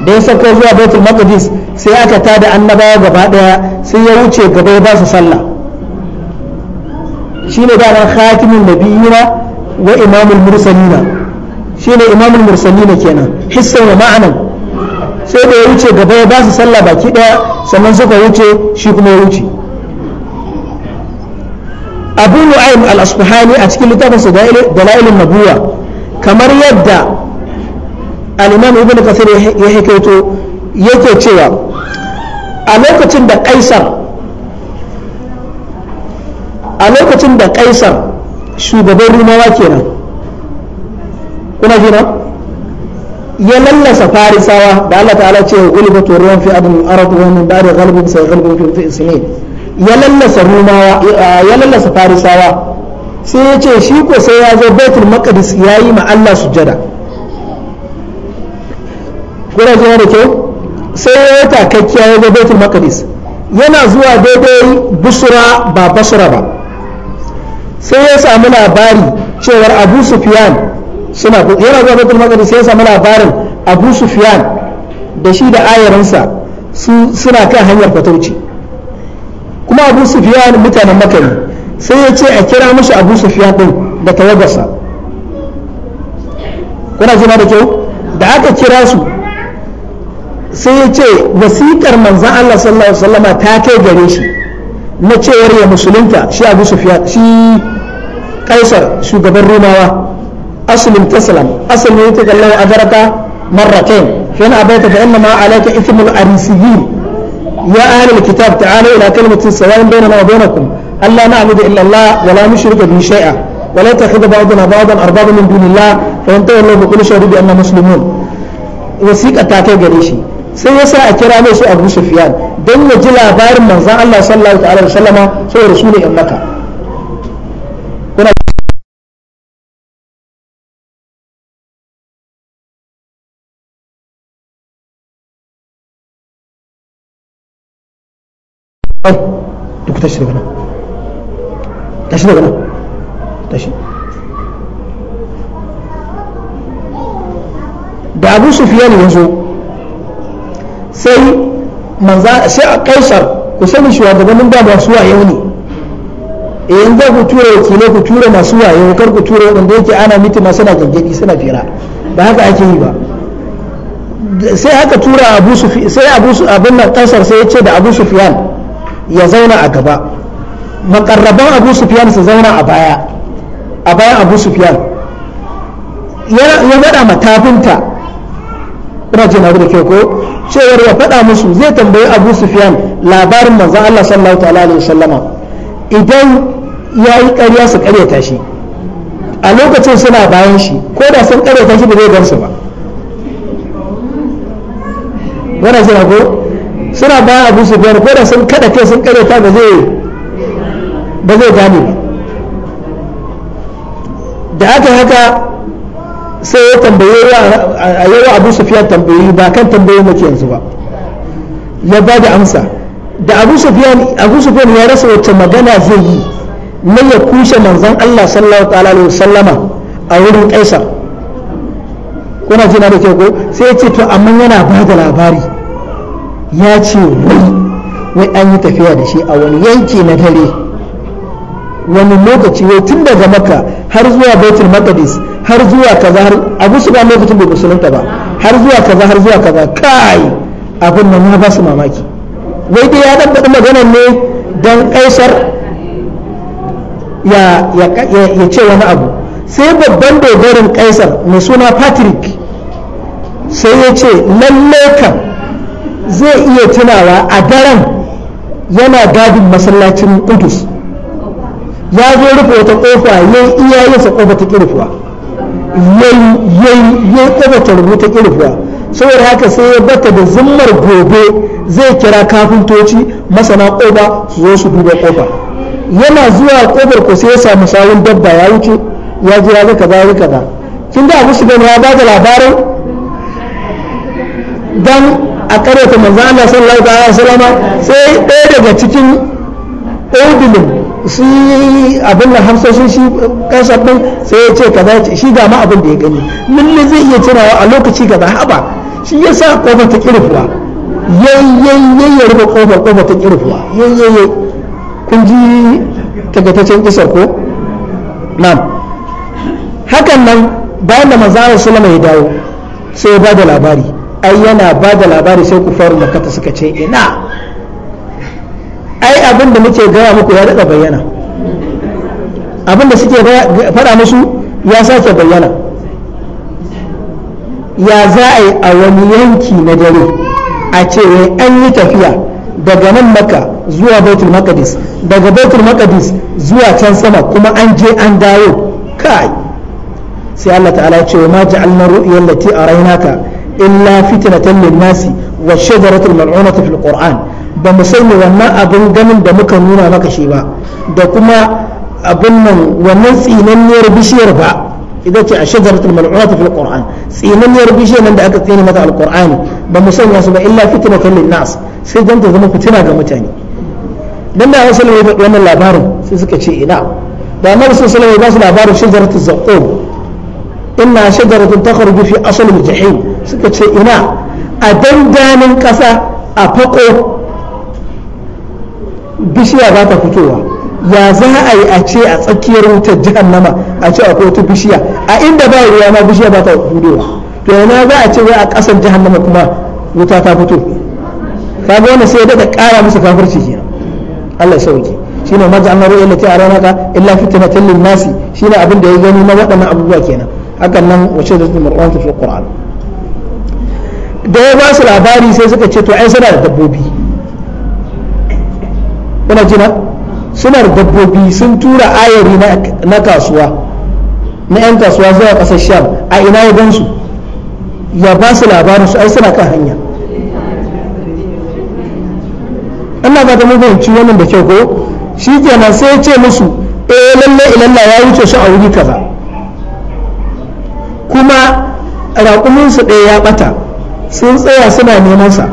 da ya sauko zuwa baitul maqdis sai aka tada annabawa gaba daya sai ya wuce gaba ya ba su sallah shine da ran khatimin nabiyina wa imamul mursalina shine imamul mursalina kenan hissan ya ma'ana. sai da ya wuce gaba ya basu su sallah baki daya sannan suka wuce shi kuma ya wuce abu nu'aym al-asbahani a cikin littafin sa dalailun nabuwa kamar yadda al-imam ibnu kathir ya hikaito yake cewa a lokacin da kaisar a lokacin da kaisar shugaban rumawa kenan kuna jira ya lallasa farisawa da Allah ta'ala ce wa ulibatu ruwan fi adin arabu wa min ba'da ghalbin sai ghalbin fi isnin ya lallasa rumawa ya lallasa farisawa sai ya ce shi ko sai ya zo baitul maqdis yi ma Allah sujada kuna jira da kyau sai ya yi takakkiya ya zo baitul maqdis yana zuwa daidai busra ba basra ba sai ya samu labari cewar abu Sufiyan suna yana zuwa batul maqdis sai ya samu labarin abu Sufiyan da shi da ayarinsa suna kan hanyar fatauci kuma abu Sufiyan mutanen makari sai ya ce a kira mashi abu Sufiyan din da tawagarsa kuna zuwa da kyau da aka kira su sai ya ce wasikar manzan Allah sallallahu alaihi wasallama ta kai gare shi na cewar ya musulunta shi abu Sufiyan shi kaisar shugaban rumawa aslim taslam aslim yake kallahu adraka marratayn hina abaita fa inna ma alayka ithmul arisiyin ya ahli alkitab ta'alu ila kalimatin sawa'in bainana wa bainakum alla na'budu illa allah wa la nushrika bihi shay'a wa la takhudha ba'duna ba'dan arbaba min dunillah fa in tawallaw fa qul shahadu bi anna muslimun wasiqa ta kai gare shi sai yasa a kira mai su Abu Sufyan dan ya ji labarin manzon Allah sallallahu ta'ala alaihi wasallama sai rasulullahi Makka ai duk tashi daga nan tashi daga nan tashi da abu sai manza shi a kaisar ku sani shugabannin da masu wayo ne e in za ku tura wakilai ku tura masu wayo kar ku tura wanda yake ana miti ma suna gangadi suna fira ba haka ake yi ba sai haka tura abu sai abu abin nan sai ya ce da abu sufiyan ya zauna a gaba makarraban abu Sufiyan su zauna a baya a bayan abu Sufiyan. ya faɗa matafinta ina jin da ke ko cewar ya faɗa musu zai tambayi abu Sufiyan labarin manzan allah sallallahu ta'ala alaihi sallama idan ya yi ƙarya su ƙaryata shi a lokacin suna bayan shi ko da sun ƙaryata shi ba zai gansu ba wannan zai ko suna ba abu su biyar ko da sun kada kai sun kare ta ba zai ba da aka haka sai ya tambaye a yawa abu sufiyan tambayi ba kan tambaye muke yanzu ba ya ba da amsa da abu sufiyan ya rasa wacce magana zai yi na ya kushe manzan Allah sallallahu alaihi wasallama a wurin kaisar kuna jina da ke ko sai ya ce to amma yana ba da labari ya ce wai wai an yi tafiya da shi a wani yanki na dare wani lokaci wai tun daga maka har zuwa baitul maqdis har zuwa kaza har abu su ba lokacin bai musulunta ba har zuwa kaza har zuwa kaza kai abin nan ya ba su mamaki wai dai ya dabbaɗi magana ne don kaisar ya ya ce wani abu sai babban dogarin kaisar mai suna patrick sai ya ce lalle kan zai iya tunawa a daren yana gadin masallacin kudus ya zo rufe wata kofa yi iyayensa kofa ta kirfuwa ya yi kofa ta rubuta kirfuwa saboda haka sai ya bata da zimmar gobe zai kira kafintoci masana kofa su zo su duba kofa yana zuwa kofar ko sai ya samu sawun dabba ya wuce ya ji ya ga kaza ya kaza kin da abu gani ya ba da labarin dan a karyata manzo sun sallallahu alaihi wasallam sai ɗaya daga cikin odulin yi abin da hamsoshin shi kasar din sai ya ce kaza shi ga ma abin da ya gani lalle zai iya tunawa a lokaci gaba haba shi ya sa kofar ta kirfuwa yayyayyay ya rufe kofar kofar ta kirfuwa yayi kun ji tagataccen isar ko na'am hakan nan bayan da manzo Allah sallallahu alaihi ya dawo sai ya ba da labari ai yana ba da labari sai ku faru makata suka ce ina ai abin da muke gaya muku ya daɗa bayyana abin da suke faɗa musu ya sake bayyana ya za a yi a wani yanki na dare a ce an yi tafiya daga nan maka zuwa baitul maqdis daga baitul maqdis zuwa can sama kuma an je an dawo kai sai Allah ta'ala ce ma ja'alna ru'yal lati araynaka illa fitnatan lin nasi wa shajaratul mal'unatu fil qur'an ba mu sanya abin ganin da muka nuna maka shi ba da kuma abin nan wannan tsinanniyar bishiyar ba ita ce a shajaratul mal'unatu fil qur'an tsinanniyar bishiyar nan da aka tsine mata alqur'ani ba mu sanya su ba illa sai dan ta zama fitina ga mutane dan da Rasul wannan labarin sai ce ina da Annabi sallallahu alaihi wasallam ya ba su labarin shajaratul zaqqum inna shajaratun takhruju fi asl al-jahim suka ce ina a dandanin ƙasa a fako bishiya ba ta fitowa ya za a yi a ce a tsakiyar wutar nama a ce akwai wata bishiya a inda ba ruwa ma bishiya ba ta hudowa to yana za a ce wai a ƙasar nama kuma wuta ta fito kaga wani sai daga ƙara musu kafirci kenan Allah ya sauke shine ma ja'alna ru'ya lati aranaka illa fitnatan lin nasi shine abin da ya gani na waɗannan abubuwa kenan hakan nan wace da mar'an su qur'an da ya ba su labari sai suka ce to ai suna da dabbobi kuna jina suna da dabbobi sun tura ayari na kasuwa na 'yan kasuwa zuwa kasar sham a ina ya gansu ya ba su labarin su ai suna kan hanya ina ba ta mabanci wannan da kyau ko shi kenan sai ya ce musu eh lalle ilalla ya wuce su a wuri kaza kuma raƙuminsu ɗaya ya ɓata sun tsaya suna neman sa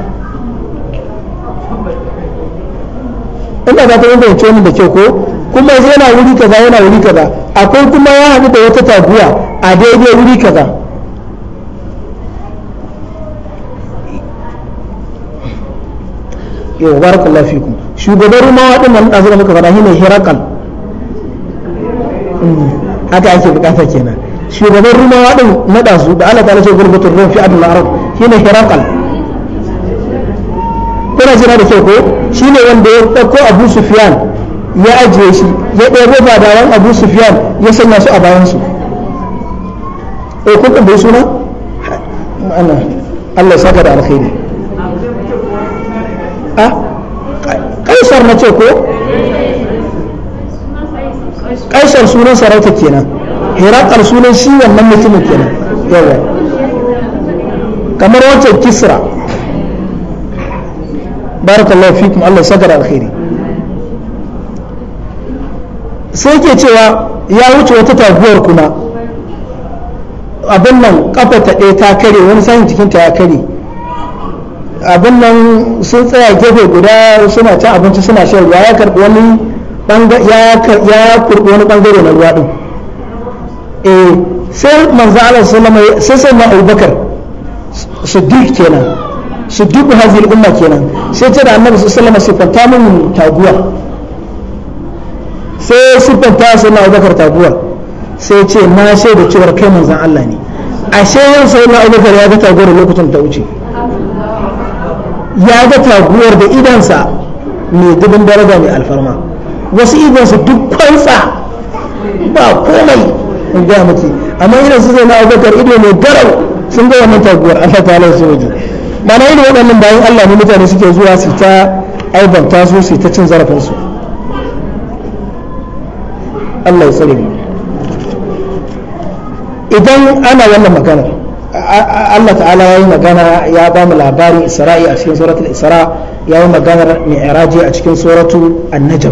ina ba ta yin bayance wani da kyau ko kuma yana wuri kaza yana wuri kaza akwai kuma ya haɗu da wata taguwa a daidai wuri kaza yau barakallahu fikum shugaban rumawa din nan ɗazu da muka faɗa shine hirakal hmm, haka ake bukata kenan shugaban rumawa din na ɗazu da Allah ta lashe gurbatun ruwan fi adul arab shi ne hirakal kuna jira da kyau ko shi ne wanda ya ɗauko abu sufiyan ya ajiye shi ya ɗauko fadawan abu sufiyan ya sanya su a bayansu ko eh, kan bai suna Allah ya saka da alkhairi a ah, kaisar na ce ko kaisar sunan sarauta kenan hirakal sunan shi wannan mutumin kenan yawa kamar wacce kisra barakallahu fikum Allah sadar alkhairi sai ke cewa ya wuce wata taguwar kuma abin nan kafa ta ɗaya ta kare wani sa'in jikinta ya kare abin nan sun tsaya gefe guda suna cin abinci suna shan ruwa ya karɓi wani ya kurɓi wani bangare na ruwa ɗin eh, sai manzo Allah sallama sai sai na Abubakar siddiq kenan siddiq hazil umma kenan sai ce da annabi sallallahu alaihi wasallam sai mun taguwa sai siffanta sai na abubakar taguwa sai ce na shaida cewar kai manzan Allah ne ashe yau sai na abubakar ya ga taguwar lokacin ta wuce ya ga taguwar da sa mai dubin daraja mai alfarma wasu su duk kwansa ba komai in gaya maki amma idan su zai na abubakar ido mai garau sun ga wannan taguwar Allah ta halar soji mana irin waɗannan bayan Allah ne mutane suke zuwa su ta aibanta su su ta cin zarafinsu Allah ya tsare idan ana wannan magana Allah ta'ala ya yi magana ya ba mu labarin isra'i a cikin suratul isra ya yi maganar mai mi'raji a cikin ce ya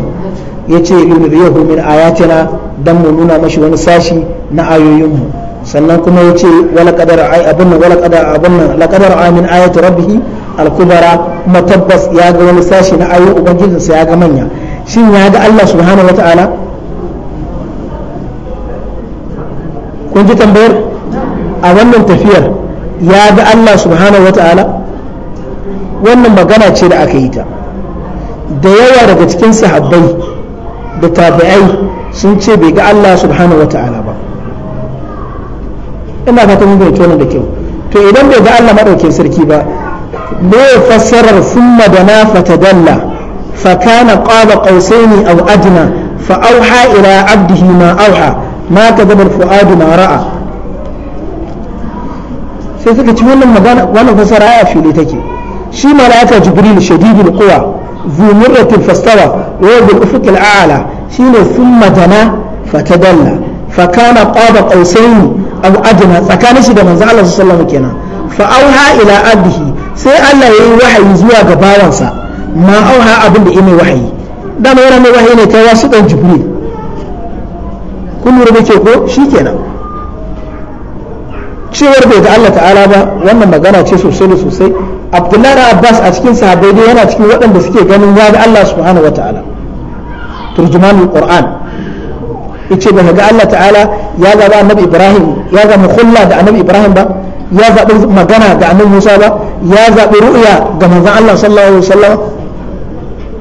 yace lulu yahu min ayatina dan mu nuna mashi wani sashi na ayoyinmu sannan kuma ya ce wala kadar ai abin nan wala kadar abin nan la kadar amin ayatu rabbihi al-kubra kuma tabbas ya ga wani sashi na ayoyin ubangijinsa ya ga manya shin ya ga Allah subhanahu wataala kun ji tambayar a wannan tafiyar ya ga Allah subhanahu wataala wannan magana ce da aka yi ta da yawa daga cikin sahabbai da tabi'ai sun ce bai ga Allah subhanahu wataala ba ina fata mun bai tona da kyau to idan bai ga Allah madauke sarki ba me fassarar summa dana fatadalla fa kana qaba qausaini aw adna fa auha ila abdihi ma auha ma kadaba fuadu ma ra'a sai suka ci wannan magana wannan fassara a fili take shi mala'ika jibril shadidul quwa ذو مرة فاستوى وهو بالأفق الأعلى شين ثم دنا فتدلى فكان قاب قوسين abu ajina tsakanin shi da manzo Allah sallallahu alaihi kenan fa auha ila abdihi sai Allah yayi wahayi zuwa ga bawansa ma auha abin da yake wahayi da mai ranar wahayi ne ta wasu dan jibril kun lura da ke ko shikenan cewar bai ga Allah ta'ala ba wannan magana ce sosai da sosai Abdullahi da Abbas a cikin sahabbai yana cikin waɗanda suke ganin ya ga Allah subhanahu wa turjumanul Qur'an yace ba ga Allah ta'ala ya zaba annabi Ibrahim ya zaba khulla da annabi Ibrahim ba ya zaba magana ga annabi Musa ba ya zaba ru'ya ga manzon Allah sallallahu alaihi wasallam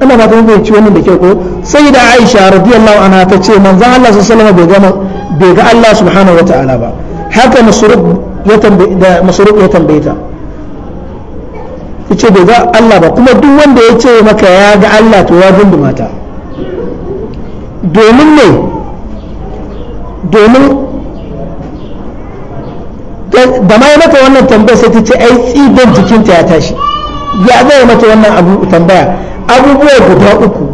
Allah ba ta bai ci wannan da ke ko sayyida Aisha radiyallahu anha ta ce manzon Allah sallallahu alaihi wasallam bai ga Allah subhanahu wa ta'ala ba haka masruq ya tambaye da masruq ya tambaye ta yace bai ga Allah ba kuma duk wanda ya ce maka ya ga Allah to ya gundumata domin ne domin da ma mata wannan tambaya sai ta ce ai tsidan jikinta ya tashi ya zai mata wannan abu tambaya abubuwa guda uku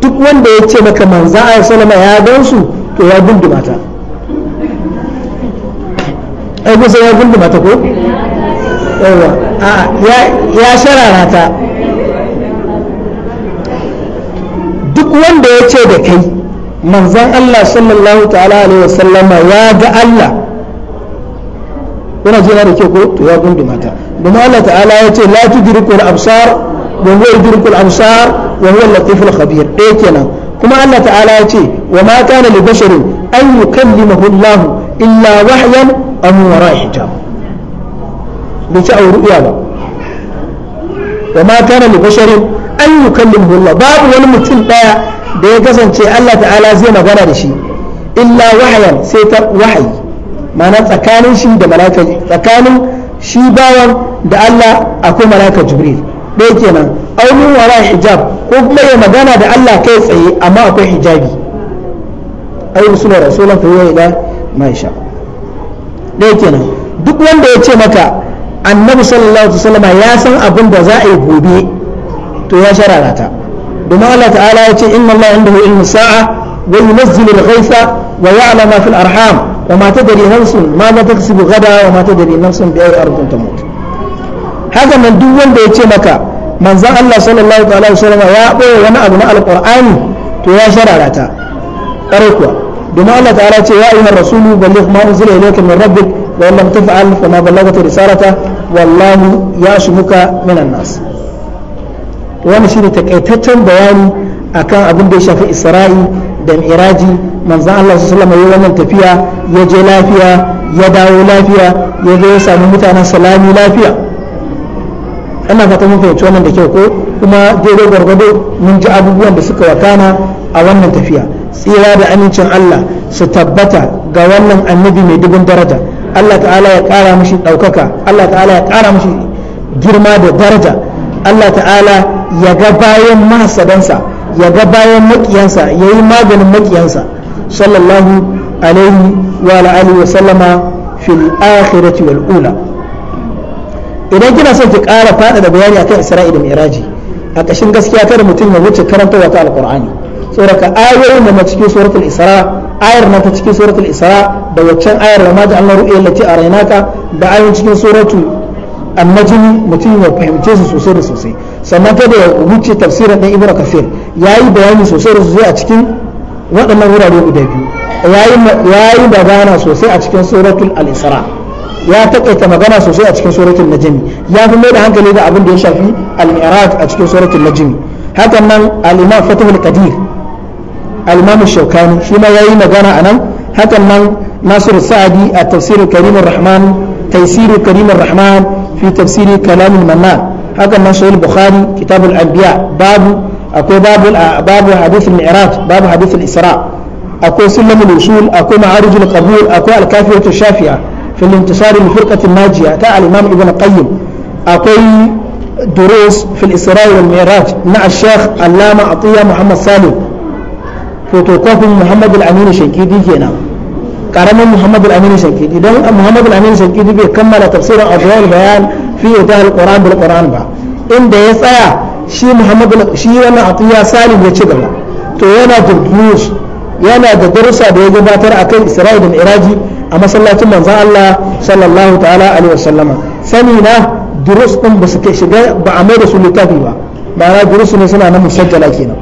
duk wanda ya ce maka manzo a salama ya su to ya gundu mata ai kusa ya gundu mata ko yawa ya sharara ta duk wanda ya ce da kai manzan Allah sallallahu ta'ala alaihi wasallama ya ga Allah yana jira da ke ko to ya gundi mata domin Allah ta'ala ya ce la tudrikul absar wa huwa yudrikul absar wa huwa al-latiful khabir eh kenan kuma Allah ta'ala ya ce wa ma kana li basharin an yukallimahu Allah illa wahyan aw wara hijab ru'ya ba wa ma kana li an yukallimahu Allah babu wani mutum daya da ya kasance Allah ta'ala zai magana da shi illa wahayan sai ta wahayi ma'ana tsakanin shi da malaka tsakanin shi bawan da Allah akwai malaka jibril ɗaya kenan aunin wara hijab ko kuma ya magana da Allah kai tsaye amma akwai hijabi ai musulun rasulun ta yi da maisha ɗaya kenan duk wanda ya ce maka annabi sallallahu alaihi wasallam ya san abin da za a yi gobe to ya sharara ta domin Allah ta'ala ya ce inna Allah indahu ilmu sa'a wa yunzilu al-ghaytha wa ya'lamu ma fil arham wa ma tadri nafsun ma za taksubu gada wa ma tadri nafsun bi ayyi ardin tamut duk wanda ya ce maka manzon Allah sallallahu ta'ala alaihi wasallam ya boye wani abu na alqur'ani to ya shararata kare kuwa domin Allah ta'ala ce ya ayyuhar rasulu balligh ma unzila ilayka min rabbik wa lam taf'al fama ballaghta risalata wallahu yashmuka minan nas wani shine takaitaccen bayani akan abin da ya shafi isra'i da miraji manzan Allah su salama yi wannan tafiya ya je lafiya ya dawo lafiya ya zo ya sami mutanen salami lafiya ana fata mun fahimci wannan da kyau ko kuma daidai gwargwado mun ji abubuwan da suka wakana a wannan tafiya tsira da amincin Allah su tabbata ga wannan annabi mai dubin daraja Allah ta'ala ya kara mashi ɗaukaka Allah ta'ala ya kara mashi girma da daraja Allah ta'ala ya ga bayan mahasadansa ya ga bayan maƙiyansa, ya yi maganin makiyansa sallallahu alaihi wa alihi wa sallama fil akhirati wal ula idan kina son ki ƙara faɗaɗa bayani akan isra'i da mi'raji a ƙashin gaskiya kada mutum ya wuce karanta wata alƙur'ani saboda ayoyin da na cikin suratul isra ayar na ta cikin suratul isra da waccan ayar da ma da Allah ru'ayya arainaka da ayoyin cikin suratul amma annajmi mutum ya fahimce su sosai da sosai sannan kada ya wuce tafsirin ɗan ibra kafir ya yi bayani sosai da sosai a cikin waɗannan wurare guda biyu ya yi magana sosai a cikin suratul al-isra ya taƙaita magana sosai a cikin suratul najmi ya fi mai da hankali da abin da ya shafi al-iraq a cikin suratul najmi hakan nan al-imam fatihul qadir al-imam shaukani shi ma yayi magana anan hakan nan nasir sa'adi a tafsirin karimin rahman tafsirin karimin rahman في تفسير كلام المنان هذا من شيخ البخاري كتاب الانبياء باب اكو باب باب حديث المعراج باب حديث الاسراء اكو سلم الوصول اكو معارج القبور اكو الكافيه الشافيه في الانتصار لفرقه الناجيه تاع الامام ابن القيم اكو دروس في الاسراء والمعراج مع الشيخ علامه عطيه محمد صالح فوتوكوب محمد الامين الشنقيطي هنا karamin muhammadu aminu shankidi don muhammadu aminu shankidi bai kammala tafsirin adwal bayan fi ta alquran bil quran ba inda ya tsaya shi muhammadu shi wannan atiya salim ya ci gaba to yana da news yana da darussa da ya gabatar akan isra'il da iraji a masallacin manzon Allah sallallahu ta'ala alaihi wasallama sani na durus din ba su shiga ba a mai da su littafi ba ma'ana durus ne suna na musajjala kenan